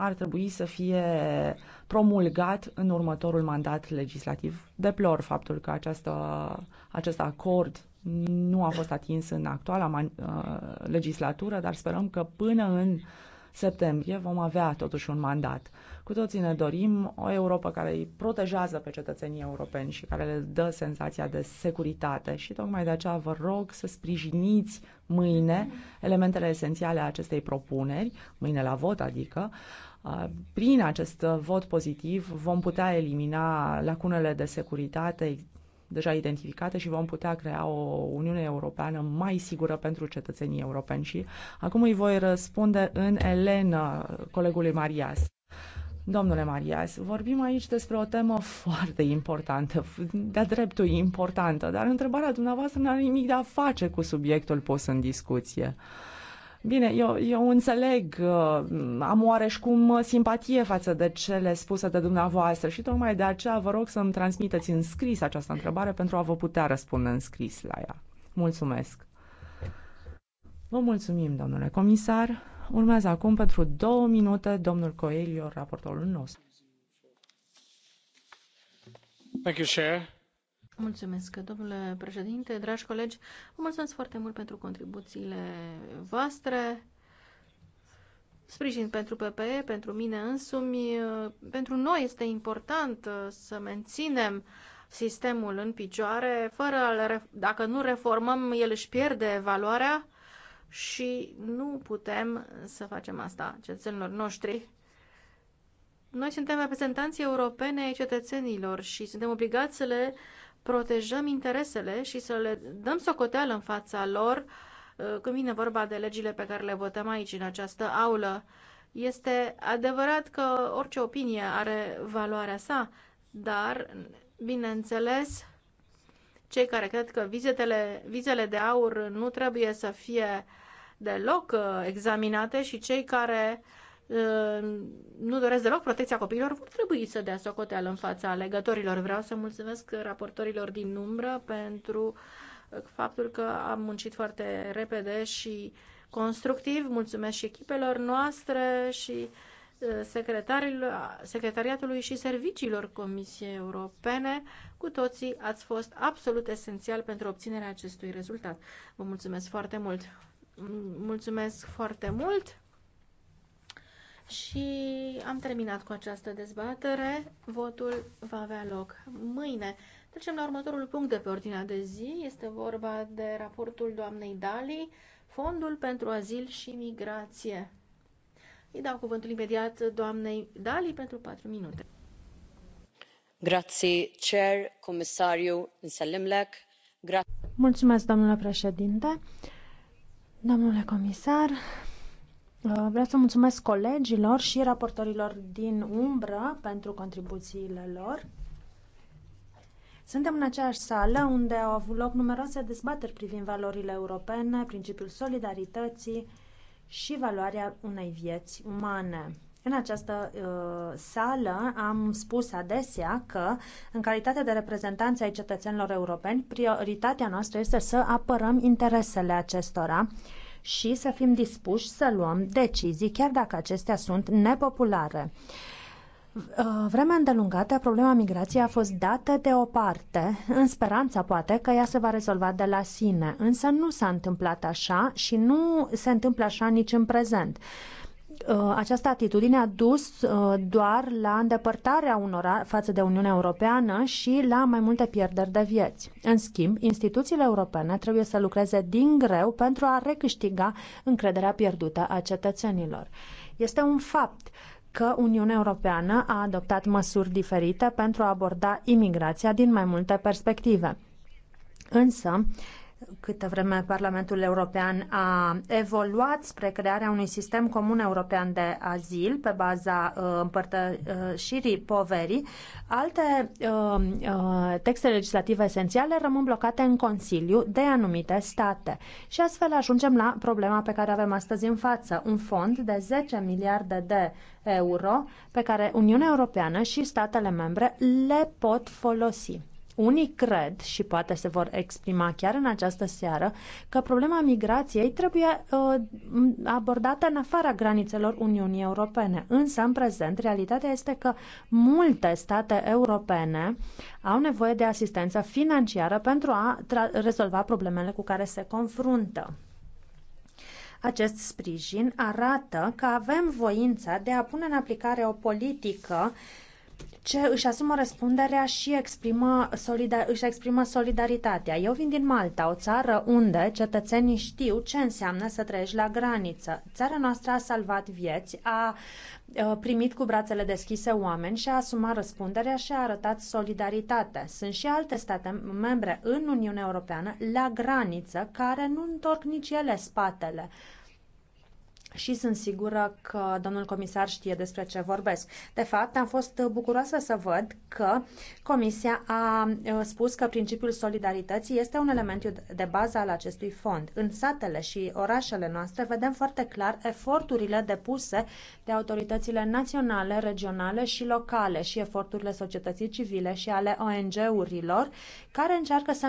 ar trebui să fie promulgat în următorul mandat legislativ. Deplor faptul că această, acest acord nu a fost atins în actuala uh, legislatură, dar sperăm că până în septembrie vom avea totuși un mandat. Cu toții ne dorim o Europa care îi protejează pe cetățenii europeni și care le dă senzația de securitate și tocmai de aceea vă rog să sprijiniți mâine elementele esențiale a acestei propuneri, mâine la vot adică, prin acest vot pozitiv vom putea elimina lacunele de securitate deja identificate și vom putea crea o Uniune Europeană mai sigură pentru cetățenii europeni. Și acum îi voi răspunde în Elena, colegului Marias. Domnule Marias, vorbim aici despre o temă foarte importantă, de-a dreptul importantă, dar întrebarea dumneavoastră nu are nimic de a face cu subiectul pus în discuție. Uh, Bine, eu, eu înțeleg, uh, am oareși cum uh, simpatie față de cele spuse de dumneavoastră și tocmai de aceea vă rog să-mi transmiteți în scris această întrebare pentru a vă putea răspunde în scris la ea. Mulțumesc! Vă mulțumim, domnule comisar. Urmează acum pentru două minute domnul Coelho, raportorul nostru. Thank you, Chair. Mulțumesc, domnule președinte, dragi colegi, vă mulțumesc foarte mult pentru contribuțiile voastre, sprijin pentru PPE, pentru mine însumi. Pentru noi este important să menținem sistemul în picioare, fără a dacă nu reformăm, el își pierde valoarea și nu putem să facem asta cetățenilor noștri. Noi suntem reprezentanții europene ai cetățenilor și suntem obligați să le uh, protejăm interesele și să le dăm socoteală în fața lor uh, când vine vorba de legile pe care le votăm aici, în această aulă. Este adevărat că orice opinie are valoarea sa, dar, bineînțeles, cei care cred că vizetele, vizele de aur nu trebuie să fie deloc uh, examinate și cei care uh, nu doresc deloc protecția copiilor, vor trebui să dea socoteală în fața alegătorilor. Vreau să mulțumesc raportorilor din umbră pentru uh, faptul că am muncit foarte repede și constructiv. Mulțumesc și echipelor noastre și uh, secretariatului și serviciilor Comisiei Europene. Cu toții ați fost absolut esențial pentru obținerea acestui rezultat. Vă mulțumesc foarte mult! Mulțumesc foarte mult! Și am terminat cu această dezbatere. Votul va avea loc mâine. Trecem la următorul punct de pe ordinea de zi. Este vorba de raportul doamnei Dali, Fondul pentru Azil și Migrație. Îi dau cuvântul imediat doamnei Dali pentru 4 minute. Grazie, Chair, Comisariu, Nsellimlek. Mulțumesc, domnule președinte. Domnule comisar, Uh, vreau să mulțumesc colegilor și raportorilor din umbră pentru contribuțiile lor. Suntem în aceeași sală unde au avut loc numeroase dezbateri privind valorile europene, principiul solidarității și valoarea unei vieți umane. În această uh, sală am spus adesea că, în calitate de reprezentanți ai cetățenilor europeni, prioritatea noastră este să apărăm interesele acestora uh, și să fim dispuși să luăm decizii, chiar dacă acestea sunt nepopulare. Uh, vremea îndelungată, problema migrației a fost dată deoparte, în speranța poate că ea se va rezolva de la sine, însă nu s-a întâmplat așa și nu se întâmplă așa nici în prezent. Uh, această atitudine a dus uh, doar la îndepărtarea unora față de Uniunea Europeană și la mai multe pierderi de vieți. În schimb, instituțiile europene trebuie să lucreze din greu pentru a recâștiga încrederea pierdută a cetățenilor. Este un fapt că Uniunea Europeană a adoptat măsuri diferite pentru a aborda imigrația din mai multe perspective. Însă, câtă vreme Parlamentul European a evoluat spre crearea unui sistem comun european de azil pe baza uh, împărtășirii poverii, alte uh, uh, texte legislative esențiale rămân blocate în Consiliu de anumite state. Și astfel ajungem la problema pe care avem astăzi în față, un fond de 10 miliarde de euro pe care Uniunea Europeană și statele membre le pot folosi. Unii cred, și poate se vor exprima chiar în această seară, că problema migrației trebuie uh, abordată în afara granițelor Uniunii Europene. Însă, în prezent, realitatea este că multe state europene au nevoie de asistență financiară pentru a rezolva problemele cu care se confruntă. Acest sprijin arată că avem voința de a pune în aplicare o politică uh, ce își asumă răspunderea și exprimă solidar- își exprimă solidaritatea. Eu vin din Malta, o țară unde cetățenii știu ce înseamnă să trăiești la graniță. Țara noastră a salvat vieți, a uh, primit cu brațele deschise oameni și a asumat răspunderea și a arătat solidaritate. Sunt și alte state membre în Uniunea Europeană la graniță care nu întorc nici ele spatele și sunt sigură că domnul comisar știe despre ce vorbesc. De fapt, am fost bucuroasă să văd că Comisia a uh, spus că principiul solidarității este un element de bază al acestui fond. În satele și orașele noastre vedem foarte clar eforturile depuse de autoritățile naționale, regionale și locale și eforturile societății civile și ale ONG-urilor care încearcă să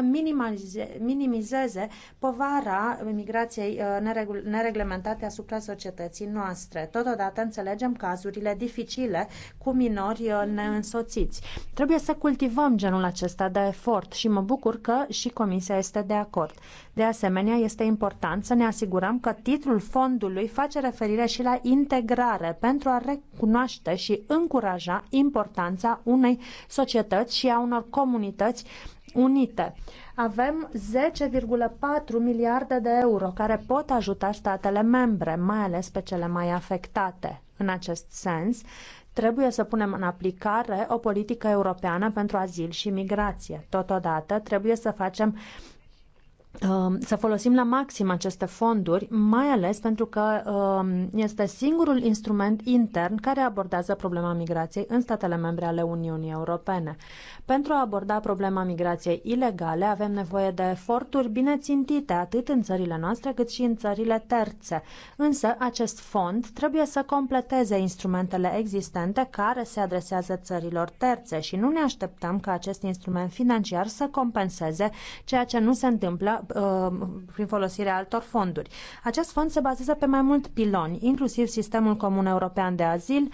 minimizeze povara migrației uh, nereglementate asupra societății noastre. Totodată înțelegem cazurile dificile cu minori uh, neînsoțiți. Trebuie să cultivăm genul acesta de efort și mă bucur că și Comisia este de acord. De asemenea, este important să ne asigurăm că titlul fondului face referire și la integrare pentru a recunoaște și încuraja importanța unei societăți și a unor comunități Unite. Avem 10,4 miliarde de euro care pot ajuta statele membre, mai ales pe cele mai afectate. În acest sens, trebuie să punem în aplicare o politică europeană pentru azil și migrație. Totodată, trebuie să facem Um, să folosim la maxim aceste fonduri, mai ales pentru că um, este singurul instrument intern care abordează problema migrației în statele membre ale Uniunii Europene. Pentru a aborda problema migrației ilegale avem nevoie de eforturi bine țintite atât în țările noastre cât și în țările terțe. Însă acest fond trebuie să completeze instrumentele existente care se adresează țărilor terțe și nu ne așteptăm ca acest instrument financiar să compenseze ceea ce nu se întâmplă Uh, prin folosirea altor fonduri. Acest fond se bazează pe mai mult piloni, inclusiv sistemul comun european de azil,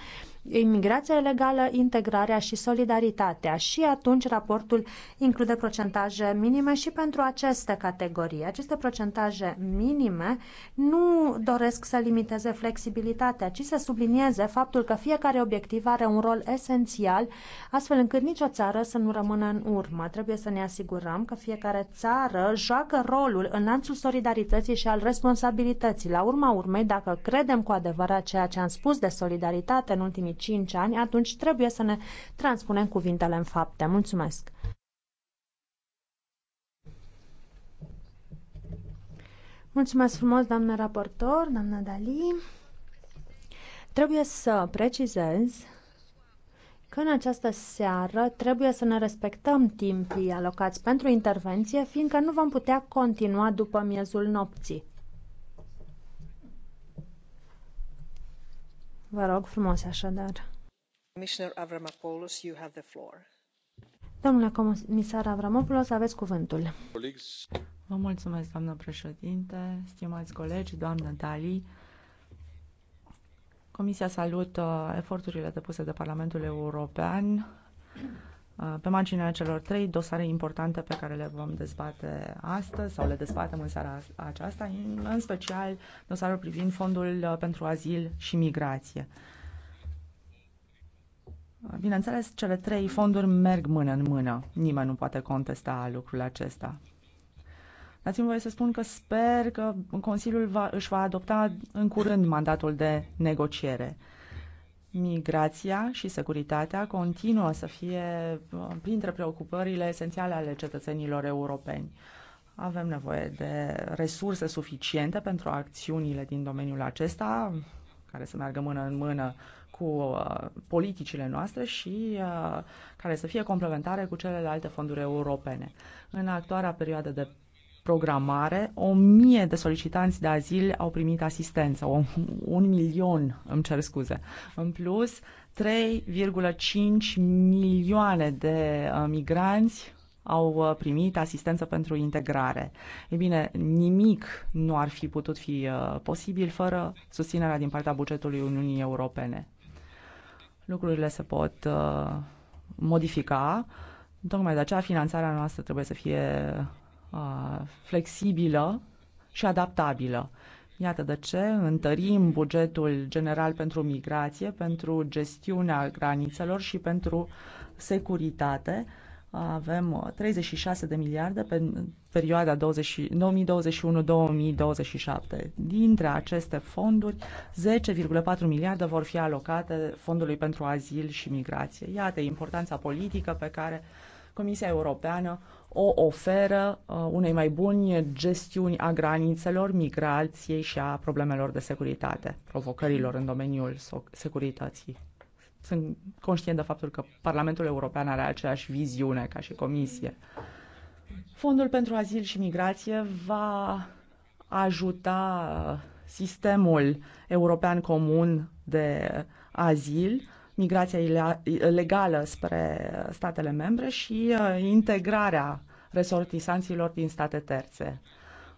imigrația ilegală, integrarea și solidaritatea. Și atunci raportul include procentaje minime și pentru aceste categorii. Aceste procentaje minime nu doresc să limiteze flexibilitatea, ci să sublinieze faptul că fiecare obiectiv are un rol esențial, astfel încât nicio țară să nu rămână în urmă. Trebuie să ne asigurăm că fiecare țară joacă rolul în lanțul solidarității și al responsabilității. La urma urmei, dacă credem cu adevărat ceea ce am spus de solidaritate în ultimii 5 ani, atunci trebuie să ne transpunem cuvintele în fapte. Mulțumesc! Mulțumesc frumos, doamnă raportor, doamnă Dali. Trebuie să precizez că în această seară trebuie să ne respectăm timpii alocați pentru intervenție, fiindcă nu vom putea continua după miezul nopții. Vă rog frumos așadar. Domnule comisar Avramopoulos, aveți cuvântul. Vă mulțumesc, doamnă președinte, stimați colegi, doamnă Dali. Comisia salută eforturile depuse de Parlamentul European Uh, pe marginea celor trei dosare importante pe care le vom dezbate astăzi sau le dezbatem în seara aceasta, în special dosarul privind fondul uh, pentru azil și migrație. Uh, bineînțeles, cele trei fonduri merg mână în mână. Nimeni nu poate contesta lucrul acesta. Dați-mi voie să spun că sper că Consiliul va, își va adopta în curând mandatul de negociere. Migrația și securitatea continuă să fie uh, printre preocupările esențiale ale cetățenilor europeni. Avem nevoie de resurse suficiente pentru acțiunile din domeniul acesta, care să meargă mână în mână cu uh, politicile noastre și uh, care să fie complementare cu celelalte fonduri europene. În actuarea perioadă de programare, o mie de solicitanți de azil au primit asistență, o, un milion, îmi cer scuze. În plus, 3,5 milioane de uh, migranți au uh, primit asistență pentru integrare. E bine, nimic nu ar fi putut fi uh, posibil fără susținerea din partea bugetului Uniunii Europene. Lucrurile se pot modifica. Tocmai de aceea finanțarea noastră trebuie să fie Uh, flexibilă și adaptabilă. Iată de ce întărim bugetul general pentru migrație, pentru gestiunea granițelor și pentru securitate. Avem 36 de miliarde pe perioada 2021-2027. Dintre aceste fonduri, 10,4 miliarde vor fi alocate Fondului pentru Azil și Migrație. Iată importanța politică pe care Comisia Europeană o oferă uh, unei mai buni gestiuni a granițelor, migrației și a problemelor de securitate, provocărilor în domeniul securității. Sunt conștient de faptul că Parlamentul European are aceeași viziune ca și Comisie. Fondul pentru azil și migrație va ajuta uh, sistemul european comun de azil, migrația legală spre statele membre și uh, integrarea resortisanților din state terțe.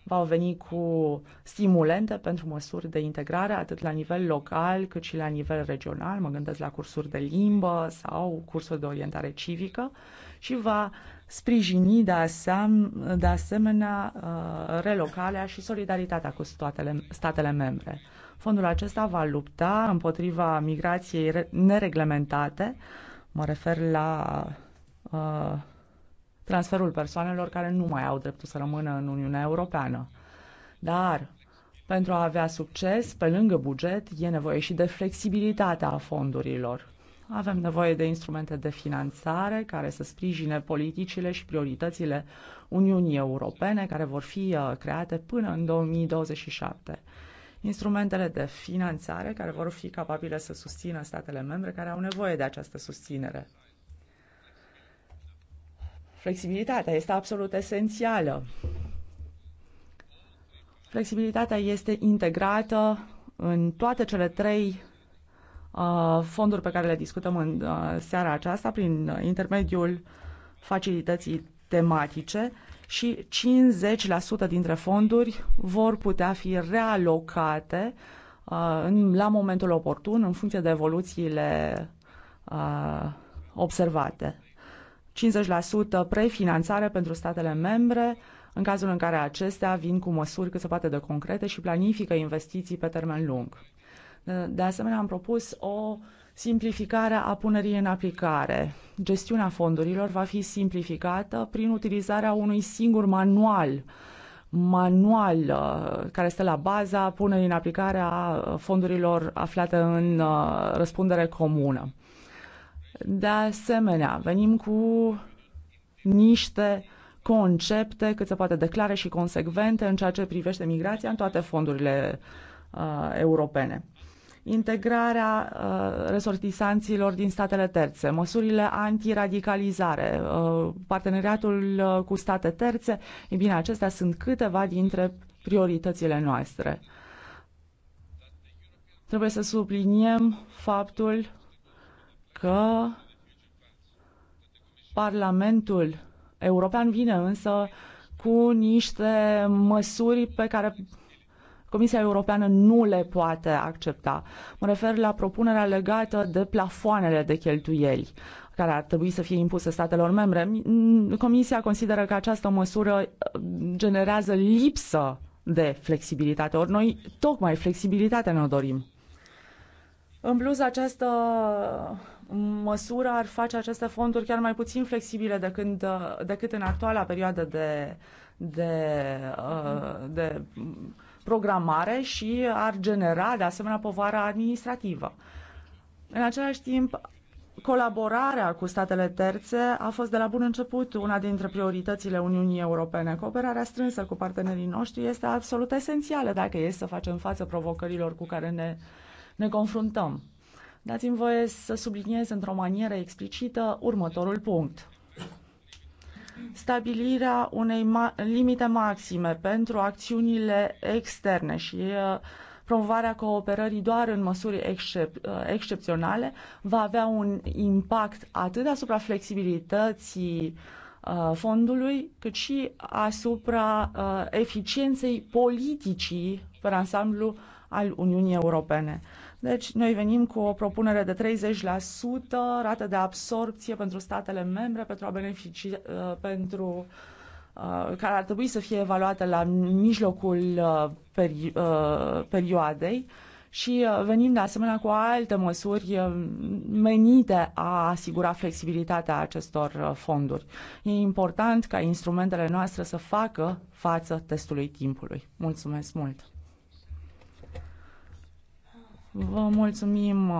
Va veni cu stimulente pentru măsuri de integrare atât la nivel local cât și la nivel regional, mă gândesc la cursuri de limbă sau cursuri de orientare civică și va sprijini de, asem- de asemenea uh, relocarea și solidaritatea cu statele, statele membre. Fondul acesta va lupta împotriva migrației nereglementate, mă refer la uh, transferul persoanelor care nu mai au dreptul să rămână în Uniunea Europeană. Dar pentru a avea succes, pe lângă buget, e nevoie și de flexibilitatea fondurilor. Avem nevoie de instrumente de finanțare care să sprijine politicile și prioritățile Uniunii Europene care vor fi uh, create până în 2027. Instrumentele de finanțare care vor fi capabile să susțină statele membre care au nevoie de această susținere. Flexibilitatea este absolut esențială. Flexibilitatea este integrată în toate cele trei uh, fonduri pe care le discutăm în uh, seara aceasta prin uh, intermediul facilității tematice și 50% dintre fonduri vor putea fi realocate uh, în, la momentul oportun în funcție de evoluțiile uh, observate. 50% prefinanțare pentru statele membre, în cazul în care acestea vin cu măsuri cât se poate de concrete și planifică investiții pe termen lung. De asemenea, am propus o simplificare a punerii în aplicare. Gestiunea fondurilor va fi simplificată prin utilizarea unui singur manual manual uh, care este la baza punerii în aplicare a uh, fondurilor aflate în uh, răspundere comună. De asemenea, venim cu niște concepte cât se poate declare și consecvente în ceea ce privește migrația în toate fondurile uh, europene. Integrarea uh, resortisanților din statele terțe, măsurile antiradicalizare, uh, parteneriatul uh, cu state terțe, e bine, acestea sunt câteva dintre prioritățile noastre. Trebuie să subliniem faptul că Parlamentul European vine însă cu niște măsuri pe care Comisia Europeană nu le poate accepta. Mă refer la propunerea legată de plafoanele de cheltuieli care ar trebui să fie impuse statelor membre. Comisia consideră că această măsură generează lipsă de flexibilitate, ori noi tocmai flexibilitatea ne dorim. În plus, această măsură ar face aceste fonduri chiar mai puțin flexibile decât, uh, decât în actuala perioadă de, de, uh, de programare și ar genera, de asemenea, povara administrativă. În același timp, colaborarea cu statele terțe a fost de la bun început una dintre prioritățile Uniunii Europene. Cooperarea strânsă cu partenerii noștri este absolut esențială dacă e să facem față provocărilor cu care ne, ne confruntăm. Dați-mi voie să subliniez într-o manieră explicită următorul punct. Stabilirea unei ma- limite maxime pentru acțiunile externe și uh, promovarea cooperării doar în măsuri excep- uh, excepționale va avea un impact atât asupra flexibilității uh, fondului, cât și asupra uh, eficienței politicii pe ansamblu al Uniunii Europene. Deci noi venim cu o propunere de 30% rată de absorpție pentru statele membre pentru a beneficia uh, pentru uh, care ar trebui să fie evaluată la mijlocul uh, perioadei și venim de asemenea cu alte măsuri menite a asigura flexibilitatea acestor fonduri. E important ca instrumentele noastre să facă față testului timpului. Mulțumesc mult! Vă mulțumim,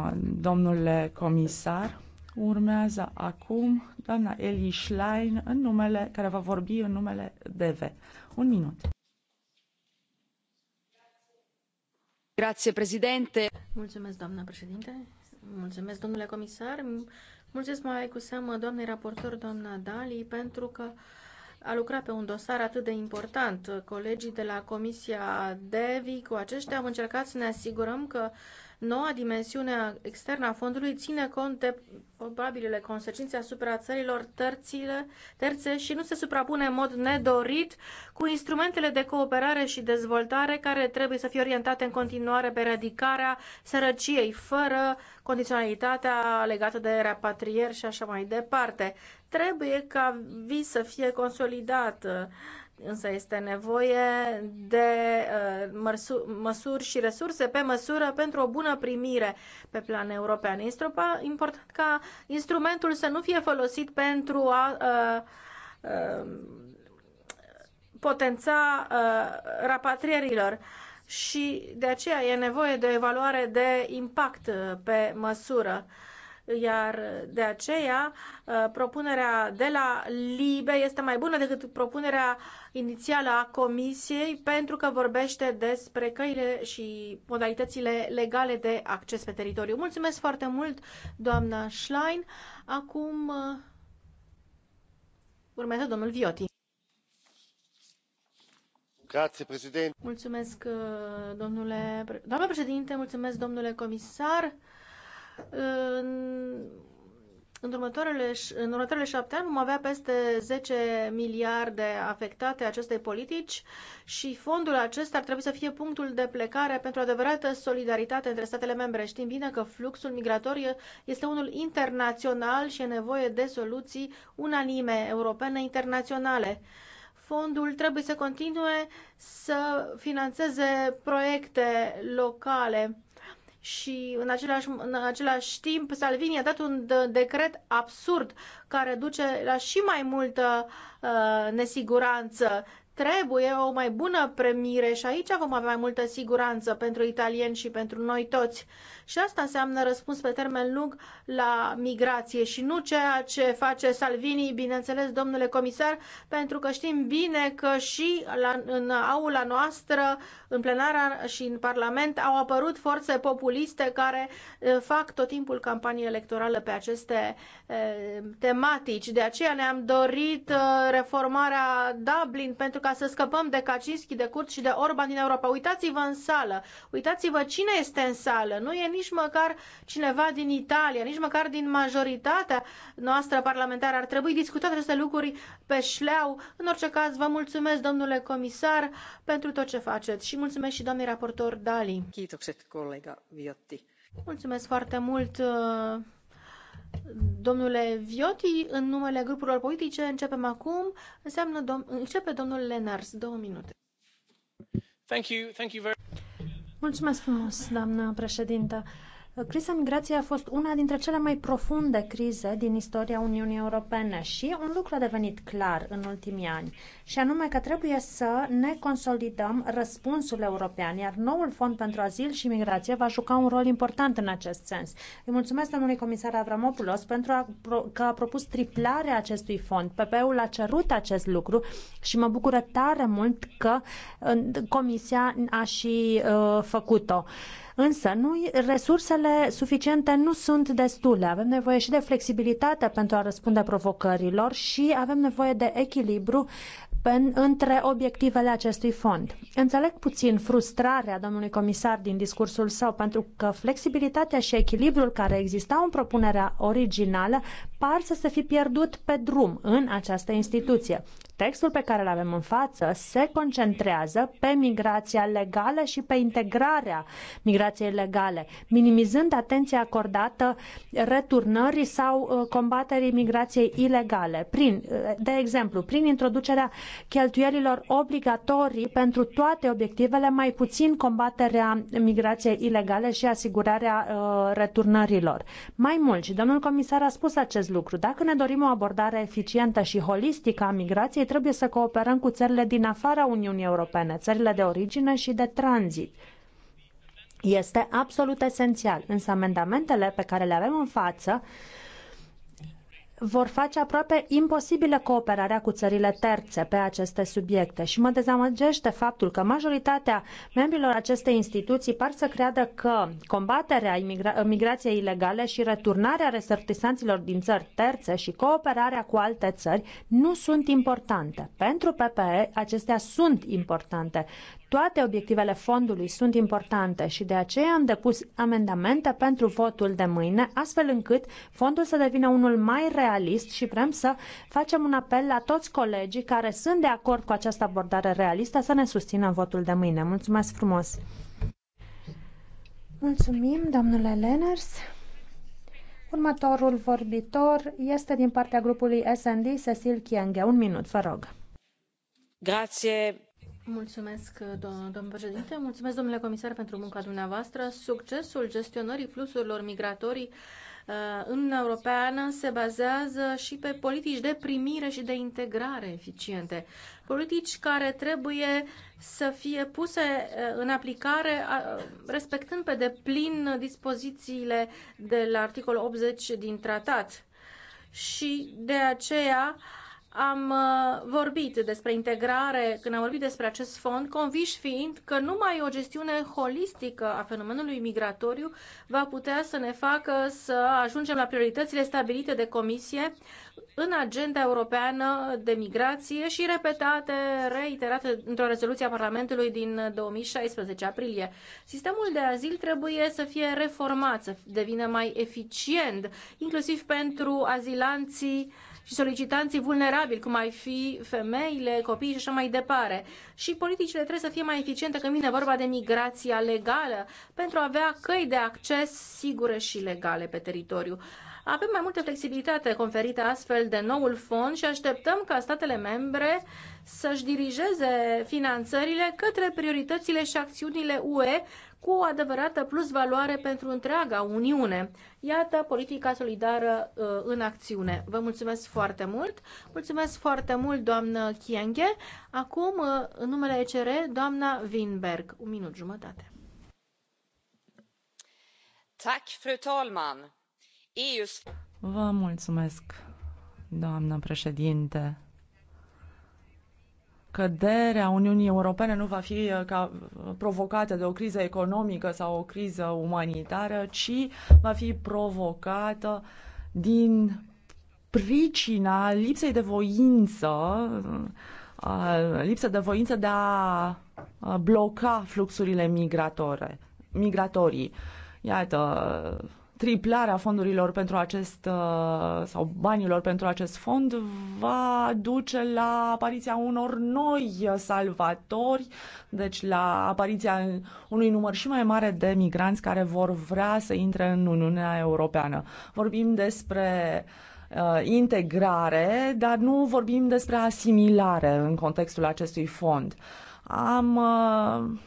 domnule comisar. Urmează acum doamna Eli Schlein în numele, care va vorbi în numele DV. Un minut. Grazie, președinte. Mulțumesc, doamna președinte. Mulțumesc, domnule comisar. Mulțumesc mai cu seamă, doamnei raportor, doamna Dali, pentru că uh, a lucra pe un dosar atât de important. Colegii de la Comisia DEVI cu aceștia am încercat să ne asigurăm că Noua dimensiune externă a fondului ține cont de probabilele consecințe asupra țărilor terțile, terțe și nu se suprapune în mod nedorit cu instrumentele de cooperare și dezvoltare care trebuie să fie orientate în continuare pe eradicarea sărăciei, fără condiționalitatea legată de repatrieri și așa mai departe. Trebuie ca vii să fie consolidat însă este nevoie de uh, măsuri și resurse pe măsură pentru o bună primire pe plan european. Este important ca instrumentul să nu fie folosit pentru a, uh, uh, potența rapatrierilor și de aceea e nevoie de o evaluare de impact pe măsură iar de aceea propunerea de la LIBE este mai bună decât propunerea inițială a Comisiei pentru că vorbește despre căile și modalitățile legale de acces pe teritoriu. Mulțumesc foarte mult, doamna Schlein. Acum uh, urmează domnul Vioti. Grazie, președinte. Mulțumesc, uh, domnule... Doamne președinte, mulțumesc, domnule comisar uh, în următoarele, în următoarele șapte ani vom avea peste 10 miliarde afectate acestei politici și fondul acesta ar trebui să fie punctul de plecare pentru adevărată solidaritate între statele membre. Știm bine că fluxul migrator este unul internațional și e nevoie de soluții unanime, europene, internaționale. Fondul trebuie să continue să financeze proiecte locale și în același, în același timp Salvini a dat un decret absurd care duce la și mai multă uh, nesiguranță. Trebuie o mai bună premire și aici vom avea mai multă siguranță pentru italieni și pentru noi toți. Și asta înseamnă răspuns pe termen lung la migrație și nu ceea ce face Salvini, bineînțeles, domnule comisar, pentru că știm bine că și la, în aula noastră, în plenara și în Parlament, au apărut forțe populiste care eh, fac tot timpul campanie electorală pe aceste tematici. De aceea ne-am dorit uh, reformarea Dublin pentru ca să scăpăm de Kaczynski, de Curt și de Orban din Europa. Uitați-vă în sală, uitați-vă cine este în sală. Nu e nici măcar cineva din Italia, nici măcar din majoritatea noastră parlamentară. Ar trebui discutat aceste lucruri pe șleau. În orice caz, vă mulțumesc, domnule comisar, pentru tot ce faceți și mulțumesc și doamnei raportor Dali. Mulțumesc foarte mult uh, Domnule Vioti, în numele grupurilor politice, începem acum. Înseamnă dom- începe domnul Lenars. Două minute. Thank you, thank you very... Mulțumesc frumos, doamnă președintă. Criza migrației a fost una dintre cele mai profunde crize din istoria Uniunii Europene și un lucru a devenit clar în ultimii ani, și anume că trebuie să ne consolidăm răspunsul european, iar noul fond pentru azil și migrație va juca un rol important în acest sens. Îi mulțumesc domnului comisar Avramopoulos pentru a, că a propus triplarea acestui fond. PP-ul a cerut acest lucru și mă bucură tare mult că Comisia a și uh, făcut-o. Uh, Însă nu, resursele suficiente nu sunt destule. Avem nevoie și de flexibilitate pentru a răspunde provocărilor și avem nevoie de echilibru între obiectivele acestui fond. Înțeleg puțin frustrarea domnului comisar din discursul său, pentru că flexibilitatea și echilibrul care existau în propunerea originală par să se fi pierdut pe drum în această instituție. Textul pe care îl avem în față se concentrează pe migrația legală și pe integrarea migrației legale, minimizând atenția acordată returnării sau uh, combaterii migrației ilegale, prin, uh, de exemplu, prin introducerea cheltuielilor obligatorii pentru toate obiectivele, mai puțin combaterea migrației ilegale și asigurarea uh, returnărilor. Mai mult, și domnul comisar a spus acest lucru, dacă ne dorim o abordare eficientă și holistică a migrației, trebuie să cooperăm cu țările din afara Uniunii Europene, țările de origine și de tranzit. Este absolut esențial, însă amendamentele pe care le avem în față vor face aproape imposibilă cooperarea cu țările terțe pe aceste subiecte și mă dezamăgește faptul că majoritatea membrilor acestei instituții par să creadă că combaterea imigra- migrației ilegale și returnarea resortisanților din țări terțe și cooperarea cu alte țări nu sunt importante. Pentru PPE acestea sunt importante. Toate obiectivele fondului sunt importante și de aceea am depus amendamente pentru votul de mâine, astfel încât fondul să devină unul mai realist și vrem să facem un apel la toți colegii care sunt de acord cu această abordare realistă să ne susțină votul de mâine. Mulțumesc frumos! Mulțumim, domnule Leners. Următorul vorbitor este din partea grupului SND, Cecil Chienghe. Un minut, vă rog. Grazie, Mulțumesc, domnul președinte. Mulțumesc, domnule comisar, pentru munca dumneavoastră. Succesul gestionării fluxurilor migratorii uh, în Uniunea Europeană se bazează și pe politici de primire și de integrare eficiente. Politici care trebuie să fie puse uh, în aplicare uh, respectând pe deplin dispozițiile de la articolul 80 din tratat. Și de aceea am uh, vorbit despre integrare, când am vorbit despre acest fond, conviși fiind că numai o gestiune holistică a fenomenului migratoriu va putea să ne facă să ajungem la prioritățile stabilite de Comisie în agenda europeană de migrație și repetate, reiterate într-o rezoluție a Parlamentului din 2016 aprilie. Sistemul de azil trebuie să fie reformat, să devină mai eficient, inclusiv pentru azilanții uh, și solicitanții vulnerabili, cum ar fi femeile, copiii și așa mai departe. Și politicile trebuie să fie mai eficiente când vine vorba de migrația legală, pentru a avea căi de acces sigure și legale pe teritoriu. Avem mai multă flexibilitate conferită astfel de noul fond și așteptăm ca statele membre să-și dirigeze finanțările către prioritățile și acțiunile UE cu o adevărată plusvaloare pentru întreaga Uniune. Iată politica solidară uh, în acțiune. Vă mulțumesc foarte mult. Mulțumesc foarte mult, doamnă Chienghe. Acum, uh, în numele ECR, doamna Winberg. Un minut jumătate. Tak, fru talman. Vă mulțumesc, doamnă președinte. Căderea Uniunii Europene nu va fi uh, ca, uh, provocată de o criză economică sau o criză umanitară, ci va fi provocată din pricina lipsei de voință, uh, lipsă de voință de a bloca fluxurile migratori, migratorii. Iată, triplarea fondurilor pentru acest uh, sau banilor pentru acest fond va duce la apariția unor noi salvatori, deci la apariția unui număr și mai mare de migranți care vor vrea să intre în Uniunea Europeană. Vorbim despre uh, integrare, dar nu vorbim despre asimilare în contextul acestui fond. Am uh,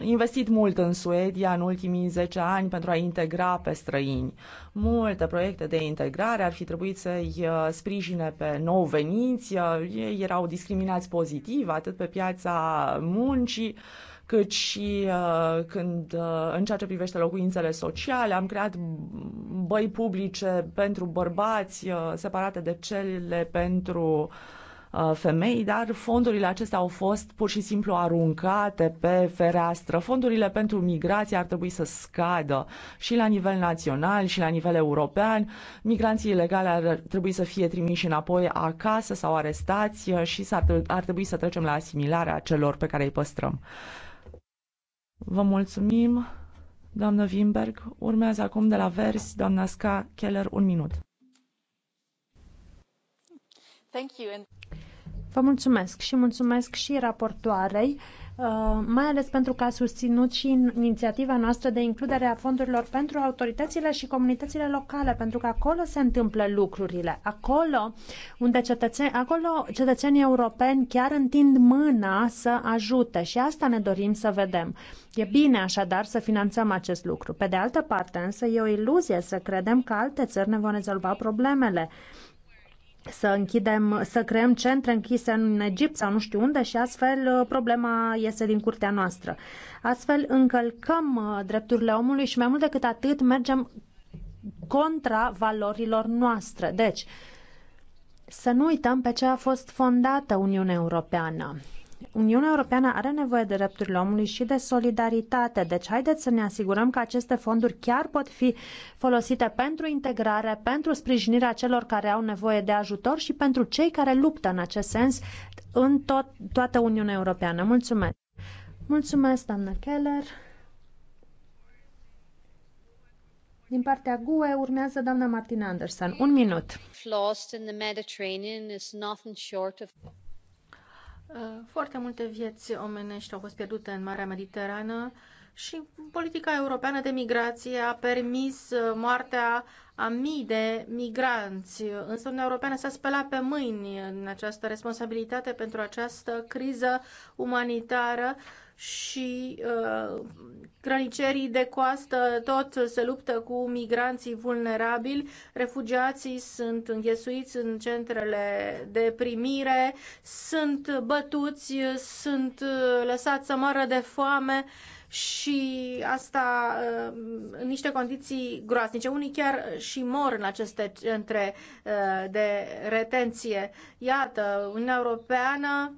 investit mult în Suedia în ultimii 10 ani pentru a integra pe străini. Multe proiecte de integrare ar fi trebuit să-i uh, sprijine pe nou veniți, uh, ei erau discriminați pozitiv atât pe piața muncii, cât și uh, când uh, în ceea ce privește locuințele sociale am creat băi publice pentru bărbați uh, separate de cele pentru uh, Uh, femei, dar fondurile acestea au fost pur și simplu aruncate pe fereastră. Fondurile pentru migrație ar trebui să scadă și la nivel național și la nivel european. Migranții ilegale ar trebui să fie trimiși înapoi acasă sau arestați uh, și ar trebui să trecem la asimilarea celor pe care îi păstrăm. Vă mulțumim, doamnă Wimberg. Urmează acum de la Vers, doamna Ska Keller, un minut. Thank you and... Vă mulțumesc și mulțumesc și raportoarei, uh, mai ales pentru că a susținut și inițiativa noastră de includere a fondurilor pentru autoritățile și comunitățile locale, pentru că acolo se întâmplă lucrurile. Acolo unde cetățeni, acolo cetățenii europeni chiar întind mâna să ajute și asta ne dorim să vedem. E bine așadar să finanțăm acest lucru. Pe de altă parte însă e o iluzie să credem că alte țări ne vor rezolva problemele să închidem, să creăm centre închise în Egipt sau nu știu unde și astfel uh, problema iese din curtea noastră. Astfel încălcăm uh, drepturile omului și mai mult decât atât mergem contra valorilor noastre. Deci, să nu uităm pe ce a fost fondată Uniunea Europeană. Uniunea Europeană are nevoie de drepturile omului și de solidaritate, deci haideți să ne asigurăm că aceste fonduri chiar pot fi folosite pentru integrare, pentru sprijinirea celor care au nevoie de ajutor și pentru cei care luptă în acest sens în tot, toată Uniunea Europeană. Mulțumesc! Mulțumesc, doamnă Keller! Din partea GUE urmează doamna Martina Anderson. Un minut. Foarte multe vieți omenești au fost pierdute în Marea Mediterană și politica europeană de migrație a permis uh, moartea a mii de migranți. Însă Uniunea Europeană s-a spălat pe mâini în această responsabilitate pentru această criză umanitară și uh, granicerii de coastă tot se luptă cu migranții vulnerabili, refugiații sunt înghesuiți în centrele de primire, sunt bătuți, sunt uh, lăsați să moară de foame și asta uh, în niște condiții groaznice. Unii chiar și mor în aceste centre uh, de retenție. Iată, Uniunea Europeană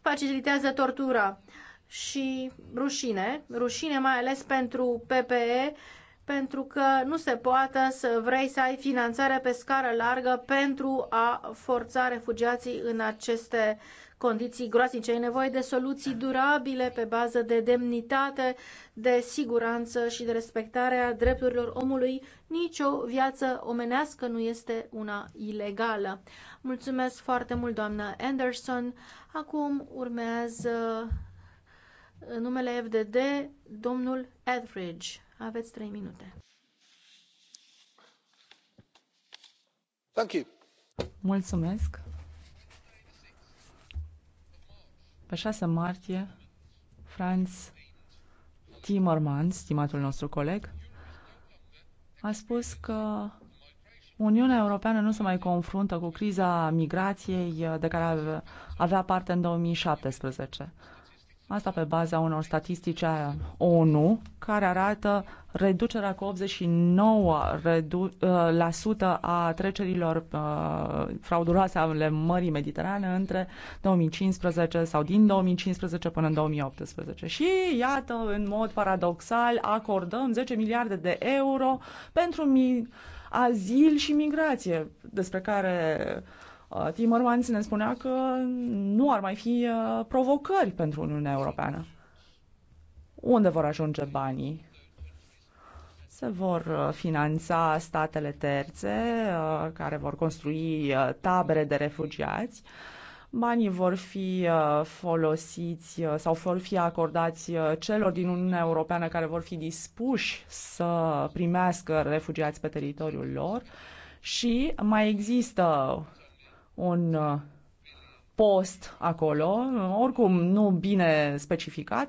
facilitează tortura și rușine, rușine mai ales pentru PPE, pentru că nu se poate să vrei să ai finanțare pe scară largă pentru a forța refugiații în aceste condiții groaznice. E nevoie de soluții durabile pe bază de demnitate, de siguranță și de respectarea drepturilor omului. Nici o viață omenească nu este una ilegală. Mulțumesc foarte mult, doamna Anderson. Acum urmează numele FDD, domnul Edridge. Aveți trei minute. Thank you. Mulțumesc. Pe 6 martie, Franz Timmermans, stimatul nostru coleg, a spus că Uniunea Europeană nu se mai confruntă cu criza migrației de care avea parte în 2017. Asta pe baza unor statistici a ONU care arată reducerea cu 89% redu- uh, la sută a trecerilor uh, frauduloase ale Mării Mediterane între 2015 sau din 2015 până în 2018. Și iată, în mod paradoxal, acordăm 10 miliarde de euro pentru mi- azil și migrație, despre care uh, Uh, Timmermans ne spunea că nu ar mai fi uh, provocări pentru Uniunea Europeană. Unde vor ajunge banii? Se vor uh, finanța statele terțe care vor construi tabere de refugiați. Banii vor fi folosiți sau vor fi acordați celor din Uniunea Europeană care vor fi dispuși să primească refugiați pe teritoriul lor și mai există un uh, post acolo, oricum nu bine specificat,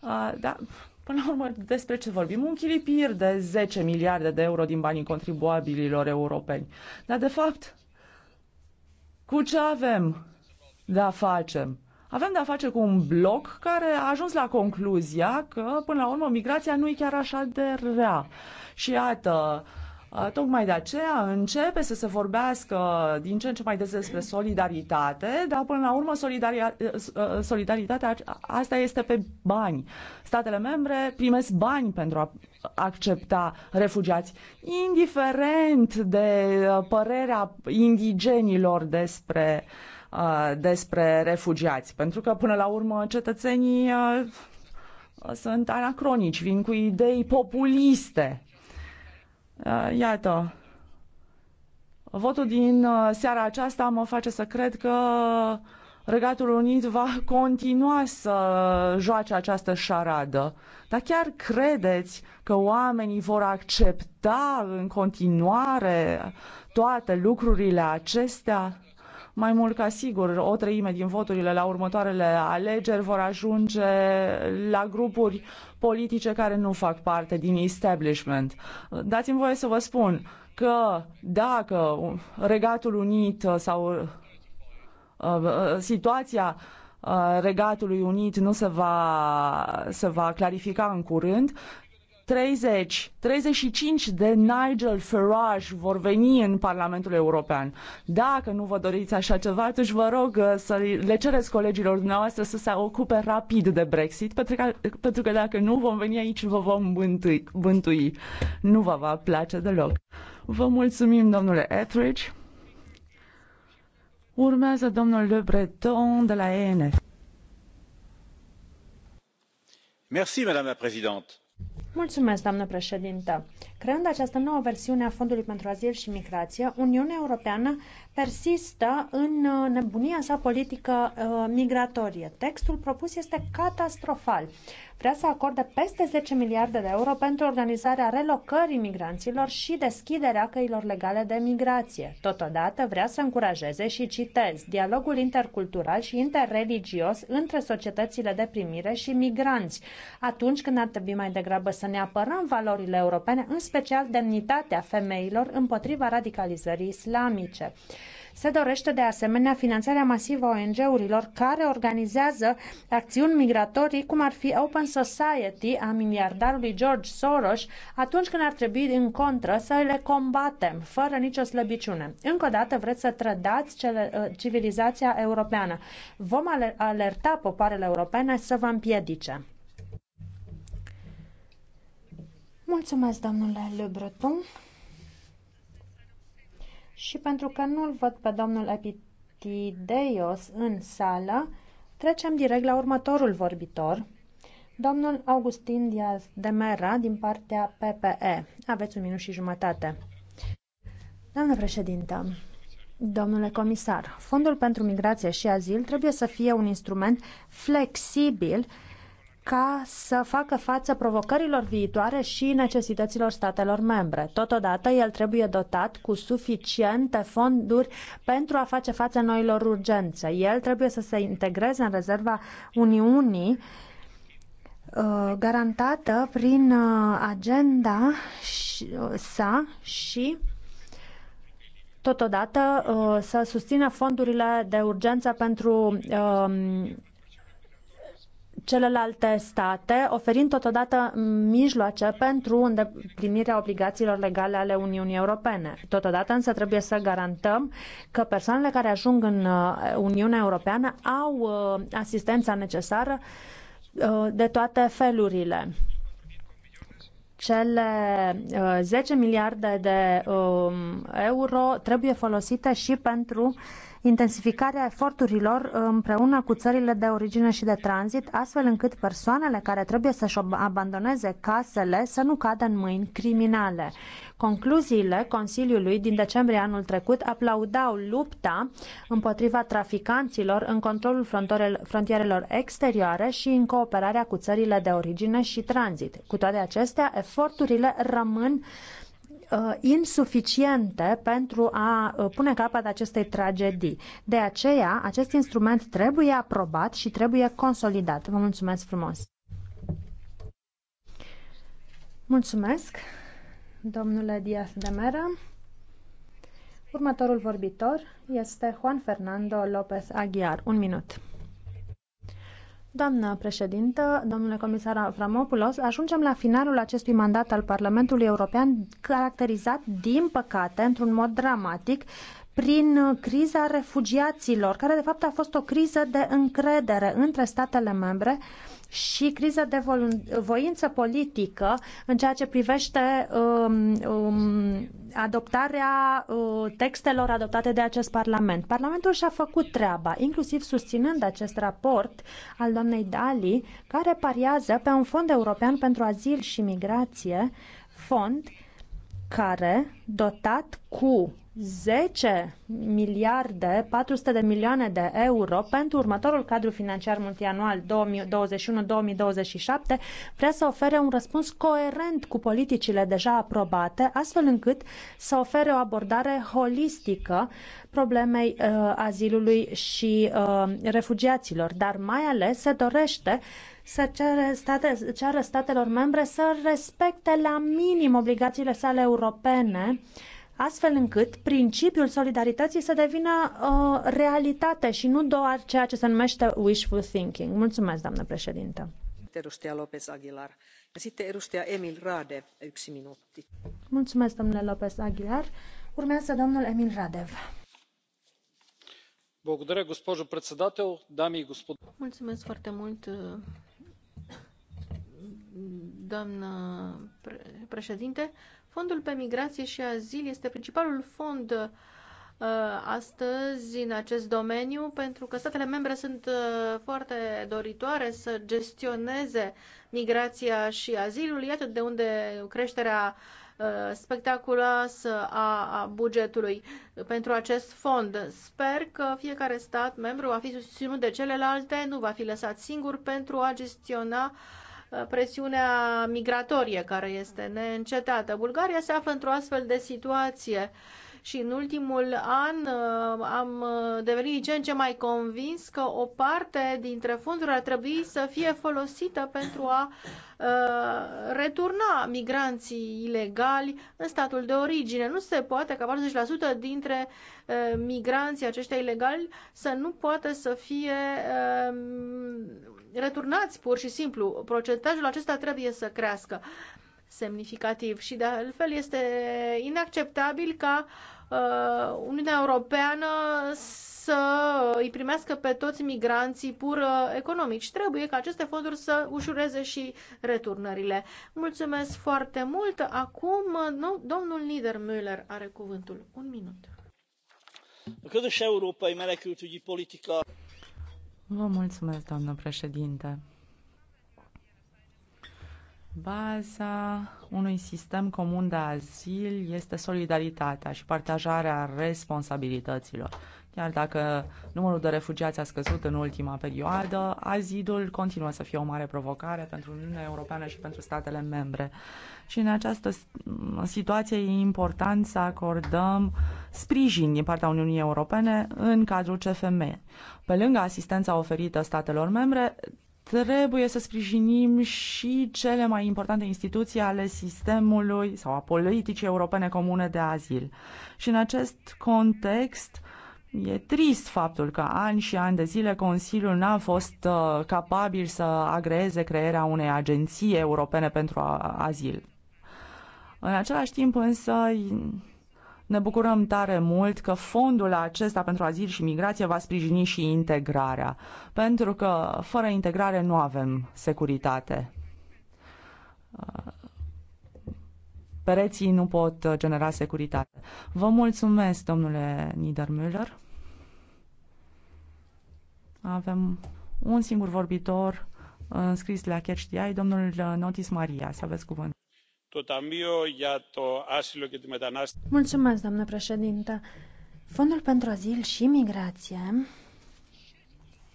uh, dar Până la urmă, despre ce vorbim? Un chilipir de 10 miliarde de euro din banii contribuabililor europeni. Dar, de fapt, cu ce avem de-a facem? Avem de-a face cu un bloc care a ajuns la concluzia că, până la urmă, migrația nu e chiar așa de rea. Și iată, uh, Tocmai de aceea începe să se vorbească din ce în ce mai des despre solidaritate, dar până la urmă solidaritatea asta este pe bani. Statele membre primesc bani pentru a accepta refugiați, indiferent de părerea indigenilor despre, despre refugiați, pentru că până la urmă cetățenii sunt anacronici, vin cu idei populiste Uh, iată, votul din uh, seara aceasta mă face să cred că Regatul Unit va continua să joace această șaradă. Dar chiar credeți că oamenii vor accepta în continuare toate lucrurile acestea? Mai mult ca sigur, o treime din voturile la următoarele alegeri vor ajunge la grupuri politice care nu fac parte din establishment. Dați-mi voie să vă spun că dacă Regatul Unit sau uh, uh, situația uh, Regatului Unit nu se va, se va clarifica în curând, 30, 35 de Nigel Farage vor veni în Parlamentul European. Dacă nu vă doriți așa ceva, atunci vă rog uh, să le cereți colegilor dumneavoastră să se ocupe rapid de Brexit, pentru că, pentru că dacă nu vom veni aici, vă vom bântui, bântui. Nu vă va place deloc. Vă mulțumim, domnule Etheridge. Urmează domnul Le Breton de la ENF. Merci, madame la présidente Mulțumesc, doamnă președintă. Creând această nouă versiune a Fondului pentru Azil și Migrație, Uniunea Europeană persistă în uh, nebunia sa politică uh, migratorie. Textul propus este catastrofal. Vrea să acorde peste 10 miliarde de euro pentru organizarea relocării migranților și deschiderea căilor legale de migrație. Totodată vrea să încurajeze și citez dialogul intercultural și interreligios între societățile de primire și migranți, atunci când ar trebui mai degrabă să ne apărăm valorile europene, în special demnitatea femeilor împotriva radicalizării islamice. Se dorește de asemenea finanțarea masivă a ONG-urilor care organizează acțiuni migratorii, cum ar fi Open Society a miliardarului George Soros, atunci când ar trebui din contră să le combatem, fără nicio slăbiciune. Încă o dată vreți să trădați cele, uh, civilizația europeană. Vom alerta popoarele europene să vă împiedice. Mulțumesc, domnule Le Breton și pentru că nu-l văd pe domnul Epitideios în sală, trecem direct la următorul vorbitor, domnul Augustin Diaz de Mera din partea PPE. Aveți un minut și jumătate. Doamnă președintă, Domnule comisar, Fondul pentru Migrație și Azil trebuie să fie un instrument flexibil ca să facă față provocărilor viitoare și necesităților statelor membre. Totodată, el trebuie dotat cu suficiente fonduri pentru a face față noilor urgențe. El trebuie să se integreze în rezerva Uniunii uh, garantată prin uh, agenda uh, sa și totodată să susțină fondurile de urgență pentru um, celelalte state, oferind totodată mijloace pentru îndeplinirea obligațiilor legale ale Uniunii Europene. Totodată însă trebuie să garantăm că persoanele care ajung în uh, Uniunea Europeană au uh, asistența necesară uh, de toate felurile cele 10 miliarde de um, euro trebuie folosite și pentru intensificarea eforturilor uh, împreună cu țările de origine și de tranzit, astfel încât persoanele care trebuie să-și abandoneze casele să nu cadă în mâini criminale. Concluziile Consiliului din decembrie anul trecut aplaudau lupta împotriva traficanților în controlul frontierelor exterioare și în cooperarea cu țările de origine și tranzit. Cu toate acestea, eforturile rămân Uh, insuficiente pentru a uh, pune capăt acestei tragedii. De aceea, acest instrument trebuie aprobat și trebuie consolidat. Vă mulțumesc frumos! Mulțumesc, domnule Diaz de Mera. Următorul vorbitor este Juan Fernando López Aguiar. Un minut. Doamnă președintă, domnule comisar Avramopoulos, ajungem la finalul acestui mandat al Parlamentului European, caracterizat, din păcate, într-un mod dramatic, prin criza refugiaților, care de fapt a fost o criză de încredere între statele membre și criza de voință politică în ceea ce privește um, um, adoptarea uh, textelor adoptate de acest Parlament. Parlamentul și-a făcut treaba, inclusiv susținând acest raport al doamnei Dali, care pariază pe un fond european pentru azil și migrație, fond care, dotat cu 10 miliarde 400 de milioane de euro pentru următorul cadru financiar multianual 2021-2027 vrea să ofere un răspuns coerent cu politicile deja aprobate, astfel încât să ofere o abordare holistică problemei uh, azilului și uh, refugiaților, dar mai ales se dorește să ceară, state, ceară statelor membre să respecte la minim obligațiile sale europene uh, astfel încât principiul solidarității să devină uh, realitate și nu doar ceea ce se numește wishful thinking. Mulțumesc, doamnă președintă. Mulțumesc, domnule Lopez Aguilar. Urmează domnul Emil Radev. Mulțumesc foarte mult, doamnă președinte Fondul pe migrație și azil este principalul fond uh, astăzi în acest domeniu pentru că statele membre sunt uh, foarte doritoare să gestioneze migrația și azilul. Iată de unde creșterea uh, spectaculoasă a bugetului pentru acest fond. Sper că fiecare stat membru va fi susținut de celelalte, nu va fi lăsat singur pentru a gestiona uh, Uh, presiunea migratorie care este neîncetată. Bulgaria se află într-o astfel de situație și în ultimul an uh, am uh, devenit ce în ce mai convins că o parte dintre fonduri ar trebui să fie folosită pentru a uh, returna migranții ilegali în statul de origine. Nu se poate ca 40% dintre migranții aceștia ilegali să nu poată să fie um, returnați pur și simplu. Procentajul acesta trebuie să crească semnificativ și de altfel este inacceptabil ca uh, Uh, Uniunea Europeană să îi primească pe toți migranții pur uh, economici. Trebuie ca aceste fonduri să ușureze și returnările. Mulțumesc foarte mult. Acum uh, domnul Müller are cuvântul. Un minut. Vă mulțumesc, doamnă președinte. Baza unui sistem comun de azil este solidaritatea și partajarea responsabilităților. Iar dacă numărul de refugiați a scăzut în ultima perioadă, azidul continuă să fie o mare provocare pentru Uniunea Europeană și pentru statele membre. Și în această situație e important să acordăm sprijin din partea Uniunii Europene în cadrul CFM. Pe lângă asistența oferită statelor membre, trebuie să sprijinim și cele mai importante instituții ale sistemului sau a politicii europene comune de azil. Și în acest context, E trist faptul că ani și ani de zile Consiliul n-a fost uh, capabil să agreeze crearea unei agenții europene pentru a, azil. În același timp însă ne bucurăm tare mult că fondul acesta pentru azil și migrație va sprijini și integrarea, pentru că fără integrare nu avem securitate. Pereții nu pot genera securitate. Vă mulțumesc, domnule Niedermüller. Avem un singur vorbitor înscris la Catch Eye, domnul Notis Maria. Să aveți cuvânt. Mulțumesc, președinte Fondul pentru azil și migrație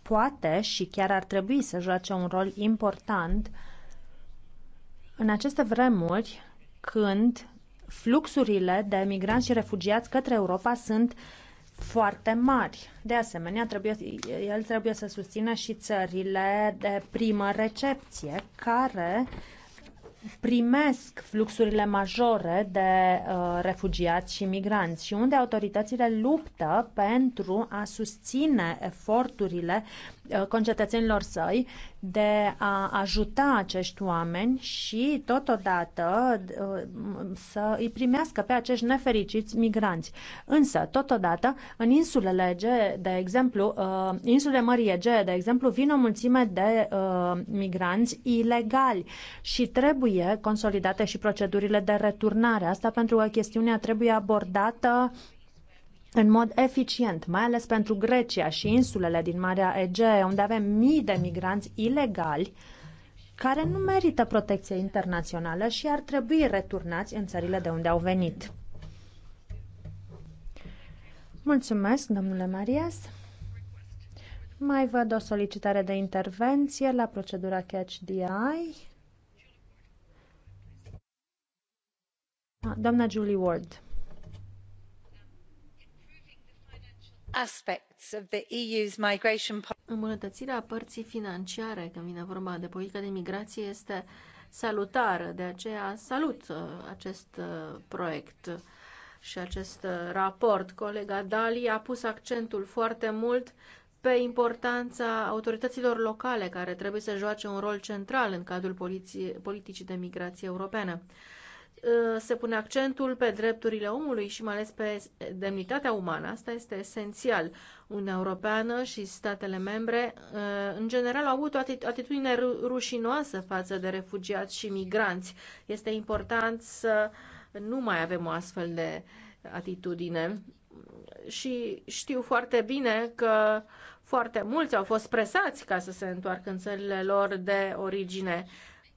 poate și chiar ar trebui să joace un rol important în aceste vremuri când fluxurile de migranți și refugiați către Europa sunt foarte mari. De asemenea, trebuie, el trebuie să susțină și țările de primă recepție, care uh, primesc fluxurile majore de uh, refugiați și migranți și unde autoritățile luptă pentru a susține eforturile Uh, concetățenilor săi de a ajuta acești oameni și totodată uh, să îi primească pe acești nefericiți migranți. Însă, totodată, în insulele G, de exemplu, uh, insulele Mărie G, de exemplu, vin o mulțime de migranți ilegali și trebuie consolidate și procedurile de returnare. Asta pentru că chestiunea trebuie abordată în mod eficient, mai ales pentru Grecia și insulele din Marea Egee, unde avem mii de migranți ilegali care nu merită protecție internațională și ar trebui returnați în țările de unde au venit. Mulțumesc, domnule Marias. Mai văd o solicitare de intervenție la procedura Catch DI. Ah, doamna Julie Ward. aspects of the EU's migration Îmbunătățirea părții financiare când vine vorba de politica de migrație este salutară, de aceea salut uh, acest uh, proiect și acest uh, raport. Colega Dali a pus accentul foarte mult pe importanța autorităților locale care trebuie să joace un rol central în cadrul politicii de migrație europeană. Uh, se pune accentul pe drepturile omului și mai ales pe demnitatea umană. Asta este esențial. Uniunea Europeană și statele membre, uh, în general, au avut o atitudine rușinoasă față de refugiați și migranți. Este important să nu mai avem o astfel de atitudine. Și știu foarte bine că foarte mulți au fost presați ca să se întoarcă în țările lor de origine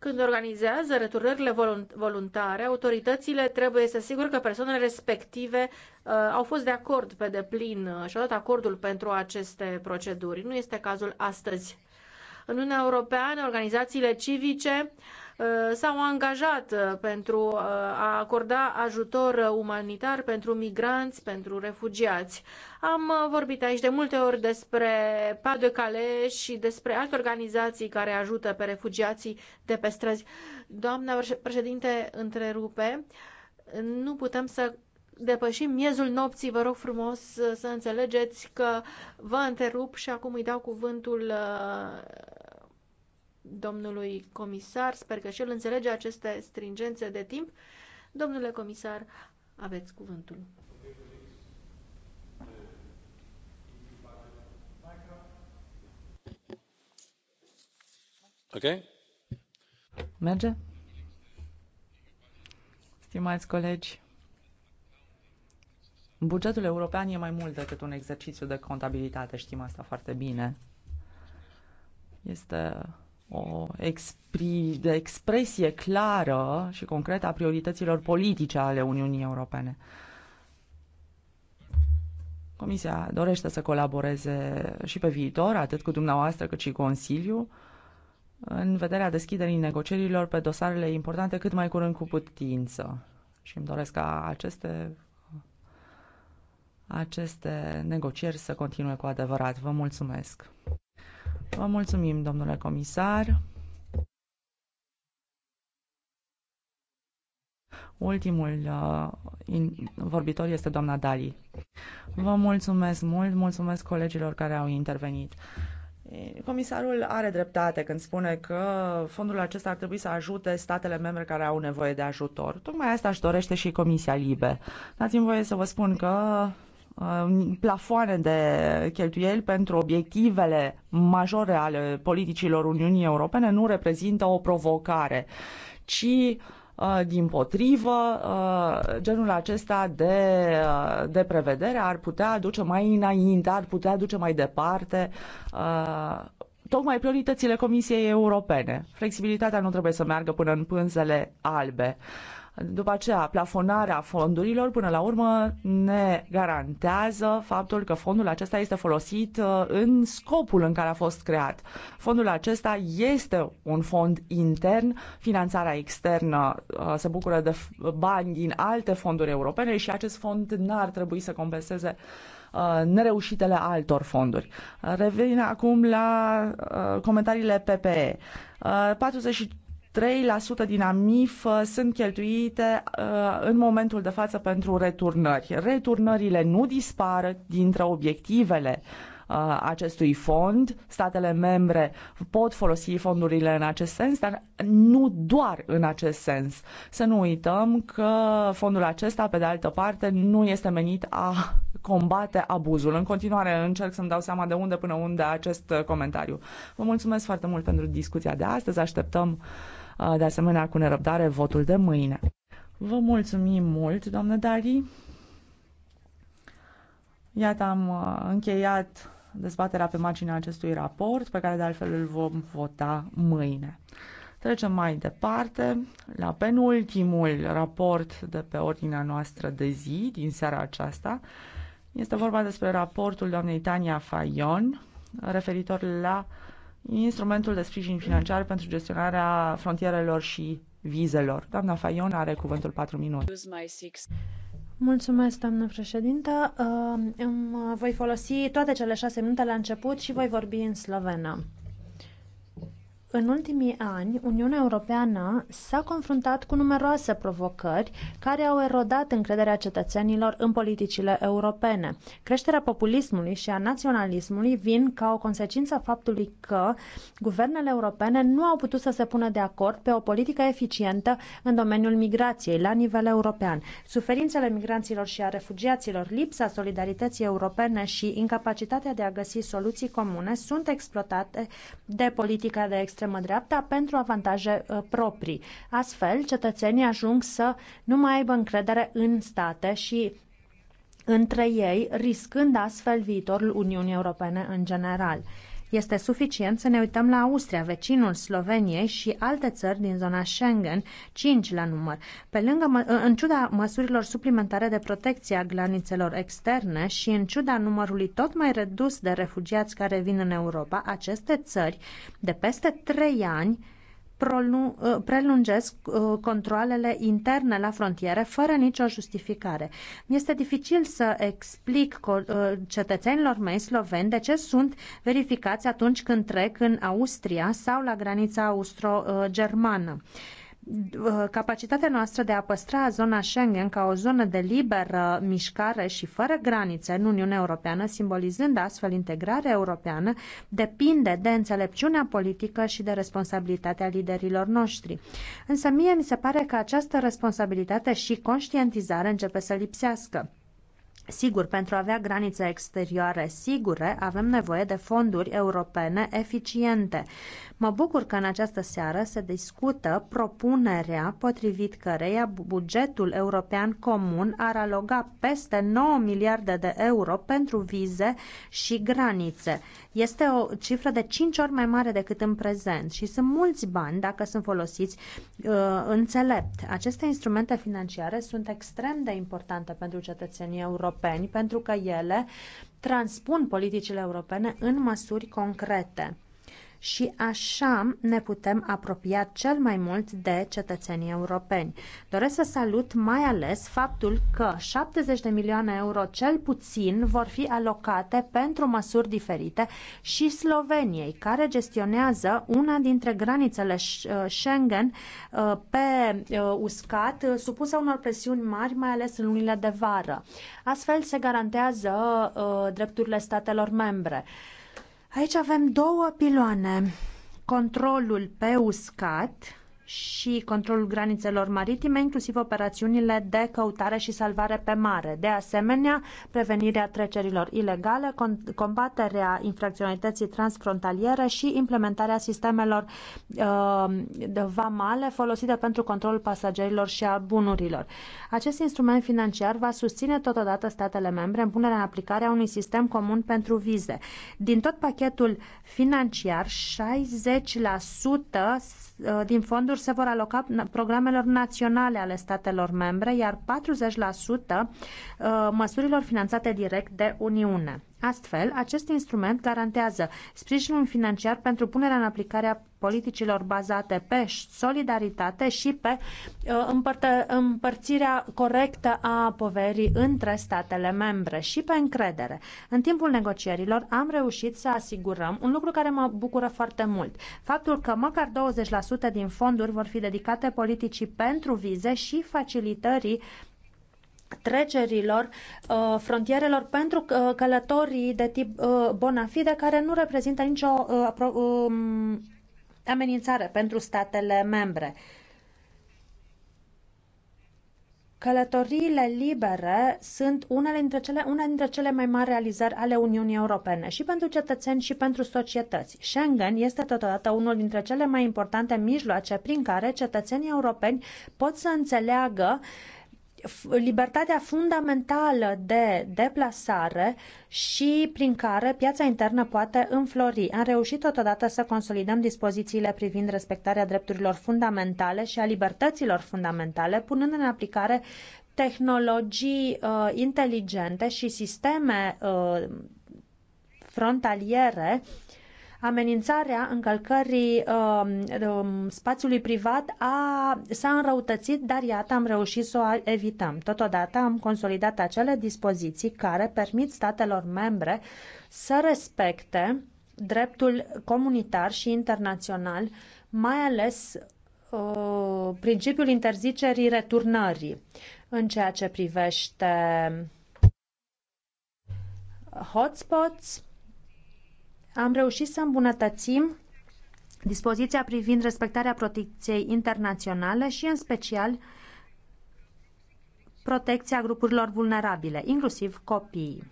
când organizează returnările voluntare, autoritățile trebuie să asigure că persoanele respective uh, au fost de acord pe deplin uh, și au dat acordul pentru aceste proceduri. Nu este cazul astăzi. În Uniunea Europeană, organizațiile civice uh, Uh, s-au angajat uh, pentru uh, a acorda ajutor umanitar pentru migranți, pentru refugiați. Am vorbit aici de multe ori despre Pas de Calais și despre alte organizații care ajută pe refugiații de pe străzi. Doamna președinte, întrerupe, nu putem să depășim miezul nopții, vă rog frumos să înțelegeți că vă întrerup și acum îi dau cuvântul domnului comisar. Sper că și el înțelege aceste stringențe de timp. Domnule comisar, aveți cuvântul. Ok? Merge? Stimați colegi, bugetul european e mai mult decât un exercițiu de contabilitate, știm asta foarte bine. Este o expri, de expresie clară și concretă a priorităților politice ale Uniunii Europene. Comisia dorește să colaboreze și pe viitor, atât cu dumneavoastră cât și Consiliu, în vederea deschiderii negocierilor pe dosarele importante cât mai curând cu putință. Și îmi doresc ca aceste, aceste negocieri să continue cu adevărat. Vă mulțumesc! Vă mulțumim, domnule comisar. Ultimul uh, in, vorbitor este doamna Dali. Vă mulțumesc mult, mulțumesc colegilor care au intervenit. Comisarul are dreptate când spune că fondul acesta ar trebui să ajute statele membre care au nevoie de ajutor. Tocmai asta își dorește și Comisia Libe. Dați-mi voie să vă spun că Uh, plafoane de cheltuieli pentru obiectivele majore ale politicilor Uniunii Europene nu reprezintă o provocare, ci uh, din potrivă, uh, genul acesta de, de prevedere ar putea duce mai înainte, ar putea duce mai departe tocmai prioritățile Comisiei Europene. Flexibilitatea nu trebuie să meargă până în pânzele albe. După aceea, plafonarea fondurilor până la urmă ne garantează faptul că fondul acesta este folosit uh, în scopul în care a fost creat. Fondul acesta este un fond intern, finanțarea externă uh, se bucură de bani din alte fonduri europene și acest fond n-ar trebui să compenseze uh, nereușitele altor fonduri. Revin acum la comentariile PPE. 3% din AMIF sunt cheltuite uh, în momentul de față pentru returnări. Returnările nu dispar dintre obiectivele uh, acestui fond. Statele membre pot folosi fondurile în acest sens, dar nu doar în acest sens. Să nu uităm că fondul acesta, pe de altă parte, nu este menit a combate abuzul. În continuare încerc să-mi dau seama de unde până unde acest uh, comentariu. Vă mulțumesc foarte mult pentru discuția de astăzi. Așteptăm uh, de asemenea cu nerăbdare votul de mâine. Vă mulțumim mult, doamnă Dari. Iată, am încheiat dezbaterea pe marginea acestui raport, pe care de altfel îl vom vota mâine. Trecem mai departe la penultimul raport de pe ordinea noastră de zi din seara aceasta. Este vorba despre raportul doamnei Tania Fayon referitor la uh, instrumentul de sprijin financiar pentru gestionarea frontierelor și vizelor. Doamna Fayon are cuvântul 4 minute. Mulțumesc, doamnă președintă. Uh, îmi voi folosi toate cele șase minute la început și voi vorbi în slovenă în ultimii ani, Uniunea Europeană s-a confruntat cu numeroase provocări care au erodat încrederea cetățenilor în politicile europene. Creșterea populismului și a naționalismului vin ca o consecință a faptului că guvernele europene nu au putut să se pună de acord pe o politică eficientă în domeniul migrației la nivel european. Suferințele migranților și a refugiaților, lipsa solidarității europene și incapacitatea de a găsi soluții comune sunt exploatate de politica de extrem extremă dreapta pentru avantaje uh, proprii. Astfel, cetățenii ajung să nu mai aibă încredere în state și între ei, riscând astfel viitorul Uniunii Europene în general. Este suficient să ne uităm la Austria, vecinul Sloveniei și alte țări din zona Schengen, 5 la număr. Pe lângă, în ciuda măsurilor suplimentare de protecție a granițelor externe și în ciuda numărului tot mai redus de refugiați care vin în Europa, aceste țări, de peste 3 ani, Uh, prelungesc uh, controlele interne la frontiere fără nicio justificare. Este dificil să explic uh, cetățenilor mei sloveni de ce sunt verificați atunci când trec în Austria sau la granița austro-germană. Uh, capacitatea noastră de a păstra zona Schengen ca o zonă de liberă mișcare și fără granițe în Uniunea Europeană, simbolizând astfel integrarea europeană, depinde de înțelepciunea politică și de responsabilitatea liderilor noștri. Însă mie mi se pare că această responsabilitate și conștientizare începe să lipsească. Sigur, pentru a avea granițe exterioare sigure, avem nevoie de fonduri europene eficiente. Mă bucur că în această seară se discută propunerea potrivit căreia bugetul european comun ar aloga peste 9 miliarde de euro pentru vize și granițe. Este o cifră de 5 ori mai mare decât în prezent și sunt mulți bani dacă sunt folosiți uh, înțelept. Aceste instrumente financiare sunt extrem de importante pentru cetățenii europeni pentru că ele transpun politicile europene în măsuri concrete și așa ne putem apropia cel mai mult de cetățenii europeni. Doresc să salut mai ales faptul că 70 de milioane euro cel puțin vor fi alocate pentru măsuri diferite și Sloveniei, care gestionează una dintre granițele uh, Schengen uh, pe uh, uscat, supusă unor presiuni mari, mai ales în lunile de vară. Astfel se garantează drepturile statelor membre. Aici avem două piloane. Controlul pe uscat și controlul granițelor maritime, inclusiv operațiunile de căutare și salvare pe mare. De asemenea, prevenirea trecerilor ilegale, combaterea infracționalității transfrontaliere și implementarea sistemelor uh, vamale folosite pentru controlul pasagerilor și a bunurilor. Acest instrument financiar va susține totodată statele membre în punerea în aplicare a unui sistem comun pentru vize. Din tot pachetul financiar, 60% Uh, din fonduri se vor aloca programelor naționale ale statelor membre, iar 40% uh, măsurilor finanțate direct de Uniune. Astfel, acest instrument garantează sprijinul financiar pentru punerea în aplicare a politicilor bazate pe solidaritate și pe uh, împărtă, împărțirea corectă a poverii între statele membre și pe încredere. În timpul negocierilor am reușit să asigurăm un lucru care mă bucură foarte mult. Faptul că măcar 20% din fonduri vor fi dedicate politicii pentru vize și facilitării uh, trecerilor uh, frontierelor pentru uh, călătorii de tip bonafide uh, bona fide care nu reprezintă nicio um, amenințare pentru statele membre. Călătoriile libere sunt unele dintre cele, una dintre cele mai mari realizări ale Uniunii Europene și pentru cetățeni și pentru societăți. Schengen este totodată unul dintre cele mai importante mijloace prin care cetățenii europeni pot să înțeleagă uh, libertatea fundamentală de deplasare și prin care piața internă poate înflori. Am reușit totodată să consolidăm dispozițiile privind respectarea drepturilor fundamentale și a libertăților fundamentale, punând în aplicare tehnologii uh, inteligente și sisteme uh, frontaliere uh, amenințarea încălcării uh, spațiului privat a, s-a înrăutățit, dar iată am reușit să o evităm. Totodată am consolidat acele dispoziții care permit statelor membre să respecte dreptul comunitar și internațional, mai ales uh, principiul interzicerii returnării în ceea ce privește hotspots, am reușit să îmbunătățim dispoziția privind respectarea protecției internaționale și, în special, protecția grupurilor vulnerabile, inclusiv copiii.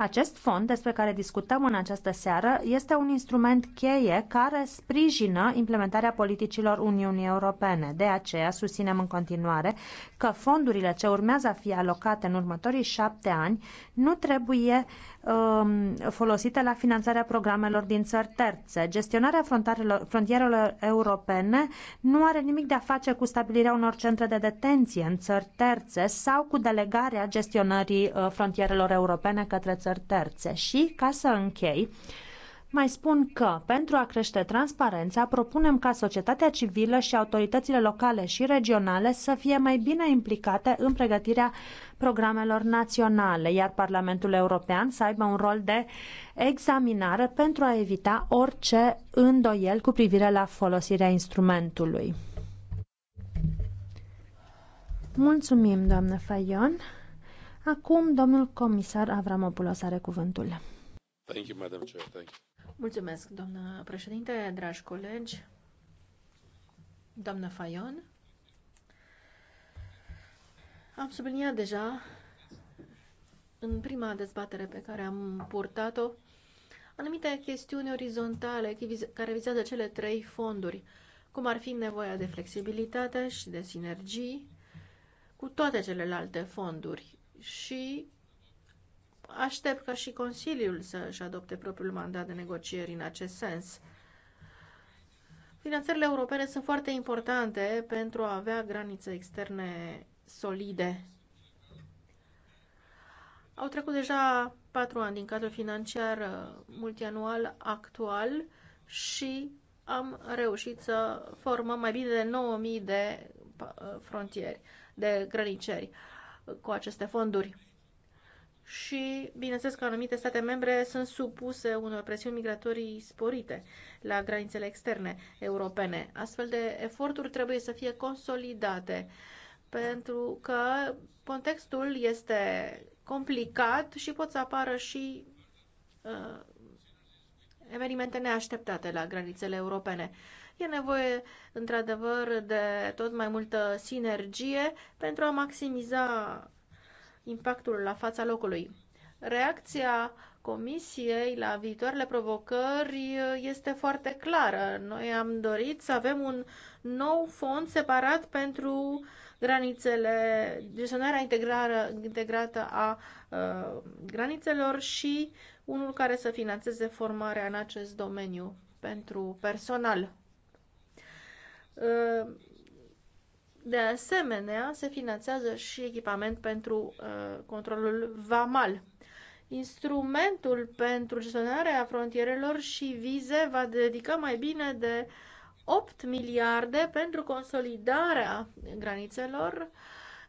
Acest fond despre care discutăm în această seară este un instrument cheie care sprijină implementarea politicilor Uniunii Europene. De aceea susținem în continuare că fondurile ce urmează a fi alocate în următorii șapte ani nu trebuie um, folosite la finanțarea programelor din țări terțe. Gestionarea frontierelor europene nu are nimic de a face cu stabilirea unor centre de detenție în țări terțe sau cu delegarea gestionării uh, frontierelor europene către țări țări terțe. Și, ca să închei, mai spun că, pentru a crește transparența, propunem ca societatea civilă și autoritățile locale și regionale să fie mai bine implicate în pregătirea programelor naționale, iar Parlamentul European să aibă un rol de examinare pentru a evita orice îndoiel cu privire la folosirea instrumentului. Mulțumim, doamnă Fayon. Acum, domnul comisar Avramopoulos are cuvântul. Thank you, Madam Chair. Thank you. Mulțumesc, doamnă președinte, dragi colegi, doamnă Fayon. Am subliniat deja în prima dezbatere pe care am purtat-o anumite chestiuni orizontale care vizează cele trei fonduri, cum ar fi nevoia de flexibilitate și de sinergii cu toate celelalte fonduri și aștept ca și Consiliul să-și adopte propriul mandat de negocieri în acest sens. Finanțările europene sunt foarte importante pentru a avea granițe externe solide. Au trecut deja patru ani din cadrul financiar multianual actual și am reușit să formăm mai bine de 9.000 de uh, frontieri, de grăniceri cu aceste fonduri. Și, bineînțeles că anumite state membre sunt supuse unor presiuni migratorii sporite la granițele externe europene. Astfel de eforturi trebuie să fie consolidate, pentru că contextul este complicat și pot să apară și uh, evenimente neașteptate la granițele europene. E nevoie, într-adevăr, de tot mai multă sinergie pentru a maximiza impactul la fața locului. Reacția Comisiei la viitoarele provocări este foarte clară. Noi am dorit să avem un nou fond separat pentru granițele, gestionarea integrară, integrată a uh, granițelor și unul care să financeze formarea în acest domeniu pentru personal. De asemenea, se finanțează și echipament pentru uh, controlul VAMAL. Instrumentul pentru gestionarea frontierelor și vize va dedica mai bine de 8 miliarde pentru consolidarea granițelor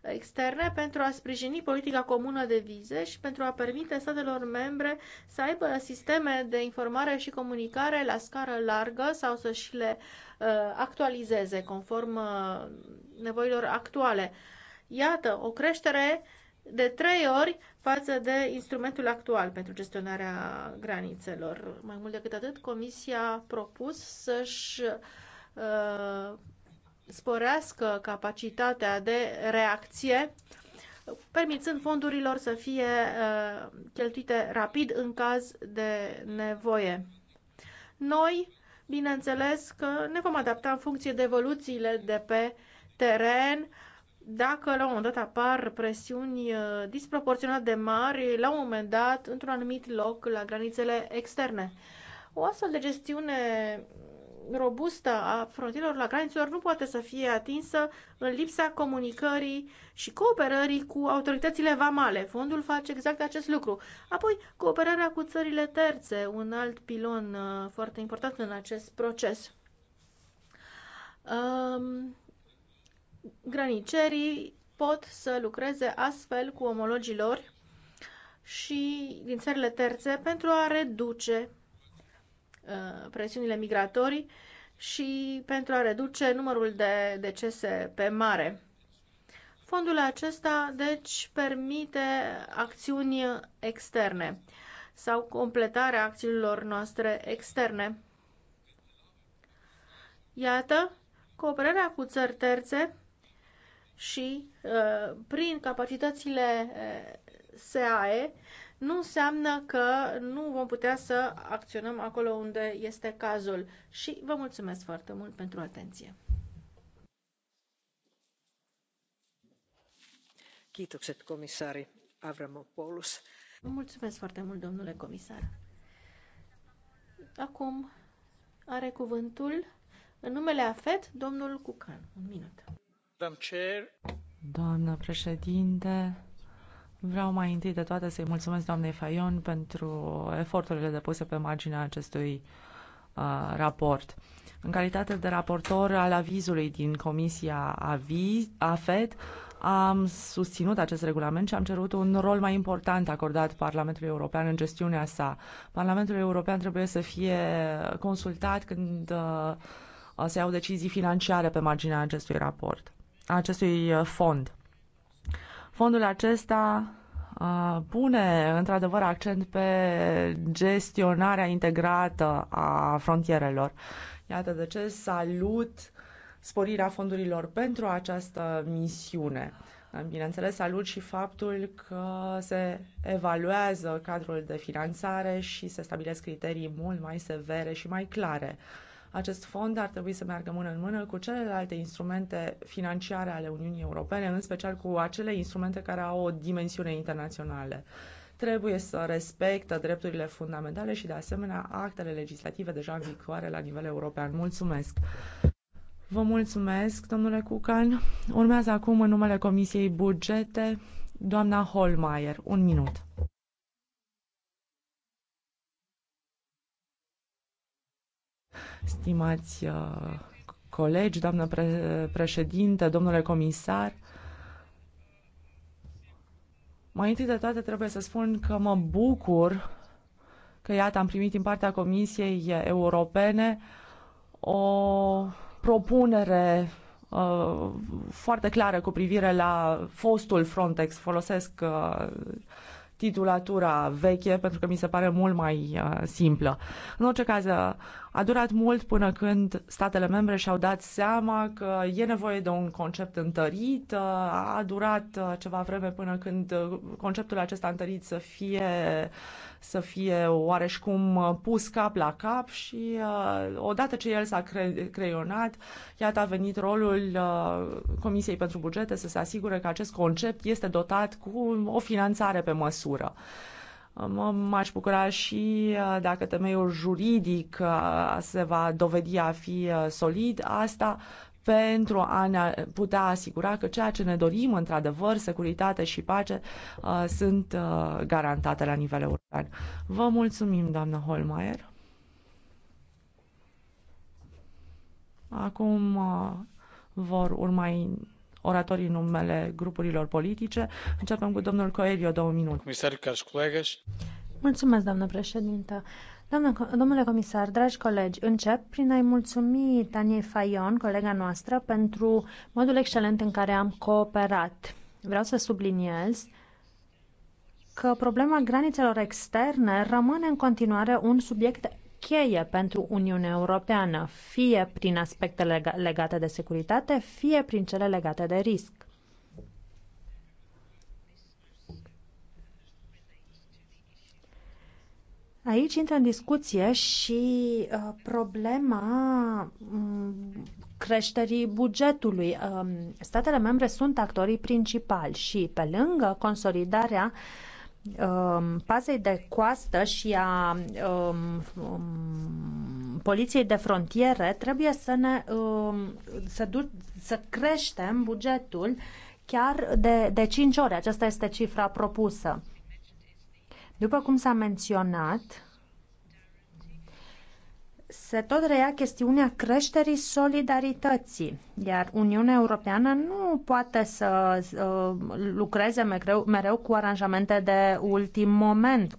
externe pentru a sprijini politica comună de vize și pentru a permite statelor membre să aibă sisteme de informare și comunicare la scară largă sau să și le uh, Uh, actualizeze conform uh, nevoilor actuale. Iată, o creștere de trei ori față de instrumentul actual pentru gestionarea granițelor. Mai mult decât atât, Comisia a propus să-și uh, sporească capacitatea de reacție, permițând fondurilor să fie cheltuite rapid în caz de nevoie. Noi bineînțeles că ne vom adapta în funcție de evoluțiile de pe teren. Dacă la un moment dat apar presiuni uh, disproporționat de mari, la un moment dat, într-un anumit loc, la granițele externe. O astfel de gestiune robustă a frontierelor la granițelor nu poate să fie atinsă în lipsa comunicării și cooperării cu autoritățile vamale. Fondul face exact acest lucru. Apoi, cooperarea cu țările terțe, un alt pilon uh, foarte important în acest proces. Um, granicerii pot să lucreze astfel cu omologii lor și din țările terțe pentru a reduce Uh, presiunile migratorii și pentru a reduce numărul de decese pe mare. Fondul acesta, deci, permite acțiuni externe sau completarea acțiunilor noastre externe. Iată, cooperarea cu țări terțe și uh, prin capacitățile uh, SAE nu înseamnă că nu vom putea să acționăm acolo unde este cazul. Și vă mulțumesc foarte mult pentru atenție. Kiitokset komissaari Avramopoulos. Vă mulțumesc foarte mult, domnule comisar. Acum are cuvântul în numele AFET, domnul Cucan. Un minut. Doamnă președinte, Vreau mai întâi de toate să-i mulțumesc doamnei Fayon pentru eforturile depuse pe marginea acestui uh, raport. În calitate de raportor al avizului din Comisia Aviz, AFET, am susținut acest regulament și am cerut un rol mai important acordat Parlamentului European în gestiunea sa. Parlamentul European trebuie să fie consultat când uh, se iau decizii financiare pe marginea acestui raport, acestui uh, fond. Fondul acesta pune într-adevăr accent pe gestionarea integrată a frontierelor. Iată de ce salut sporirea fondurilor pentru această misiune. Bineînțeles, salut și faptul că se evaluează cadrul de finanțare și se stabilesc criterii mult mai severe și mai clare. Acest fond ar trebui să meargă mână în mână cu celelalte instrumente financiare ale Uniunii Europene, în special cu acele instrumente care au o dimensiune internațională. Trebuie să respectă drepturile fundamentale și, de asemenea, actele legislative deja în vigoare la nivel european. Mulțumesc! Vă mulțumesc, domnule Cucan. Urmează acum, în numele Comisiei Bugete, doamna Holmeier. Un minut. stimați uh, colegi, doamnă pre- președinte, domnule comisar. Mai întâi de toate trebuie să spun că mă bucur că, iată, am primit din partea Comisiei Europene o propunere uh, foarte clară cu privire la fostul Frontex. Folosesc uh, titulatura veche, pentru că mi se pare mult mai uh, simplă. În orice caz, uh, a durat mult până când statele membre și-au dat seama că e nevoie de un concept întărit. Uh, a durat ceva vreme până când conceptul acesta întărit să fie uh, să fie oareșcum uh, pus cap la cap și uh, odată ce el s-a cre- creionat, iată a venit rolul uh, Comisiei pentru Bugete să se asigure că acest concept este dotat cu o finanțare pe măsură. M-aș bucura și dacă temeiul juridic se va dovedi a fi solid, asta pentru a ne putea asigura că ceea ce ne dorim, într-adevăr, securitate și pace, uh, sunt uh, garantate la nivel european. Vă mulțumim, doamnă Holmeier. Acum uh, vor urma oratorii în numele grupurilor politice. Începem cu domnul Coelho, două minute. Comisar, colegi. Mulțumesc, doamnă președintă. Domnule comisar, dragi colegi, încep prin a-i mulțumi Taniei Fayon, colega noastră, pentru modul excelent în care am cooperat. Vreau să subliniez că problema granițelor externe rămâne în continuare un subiect cheie pentru Uniunea Europeană, fie prin aspectele legate de securitate, fie prin cele legate de risc. Aici intră în discuție și uh, problema um, creșterii bugetului. Um, statele membre sunt actorii principali și pe lângă consolidarea um, pazei de coastă și a um, um, poliției de frontiere, trebuie să ne um, să, du- să creștem bugetul chiar de, de 5 ori. Aceasta este cifra propusă. După cum s-a menționat, se tot reia chestiunea creșterii solidarității, iar Uniunea Europeană nu poate să uh, lucreze mereu, mereu cu aranjamente de ultim moment, cu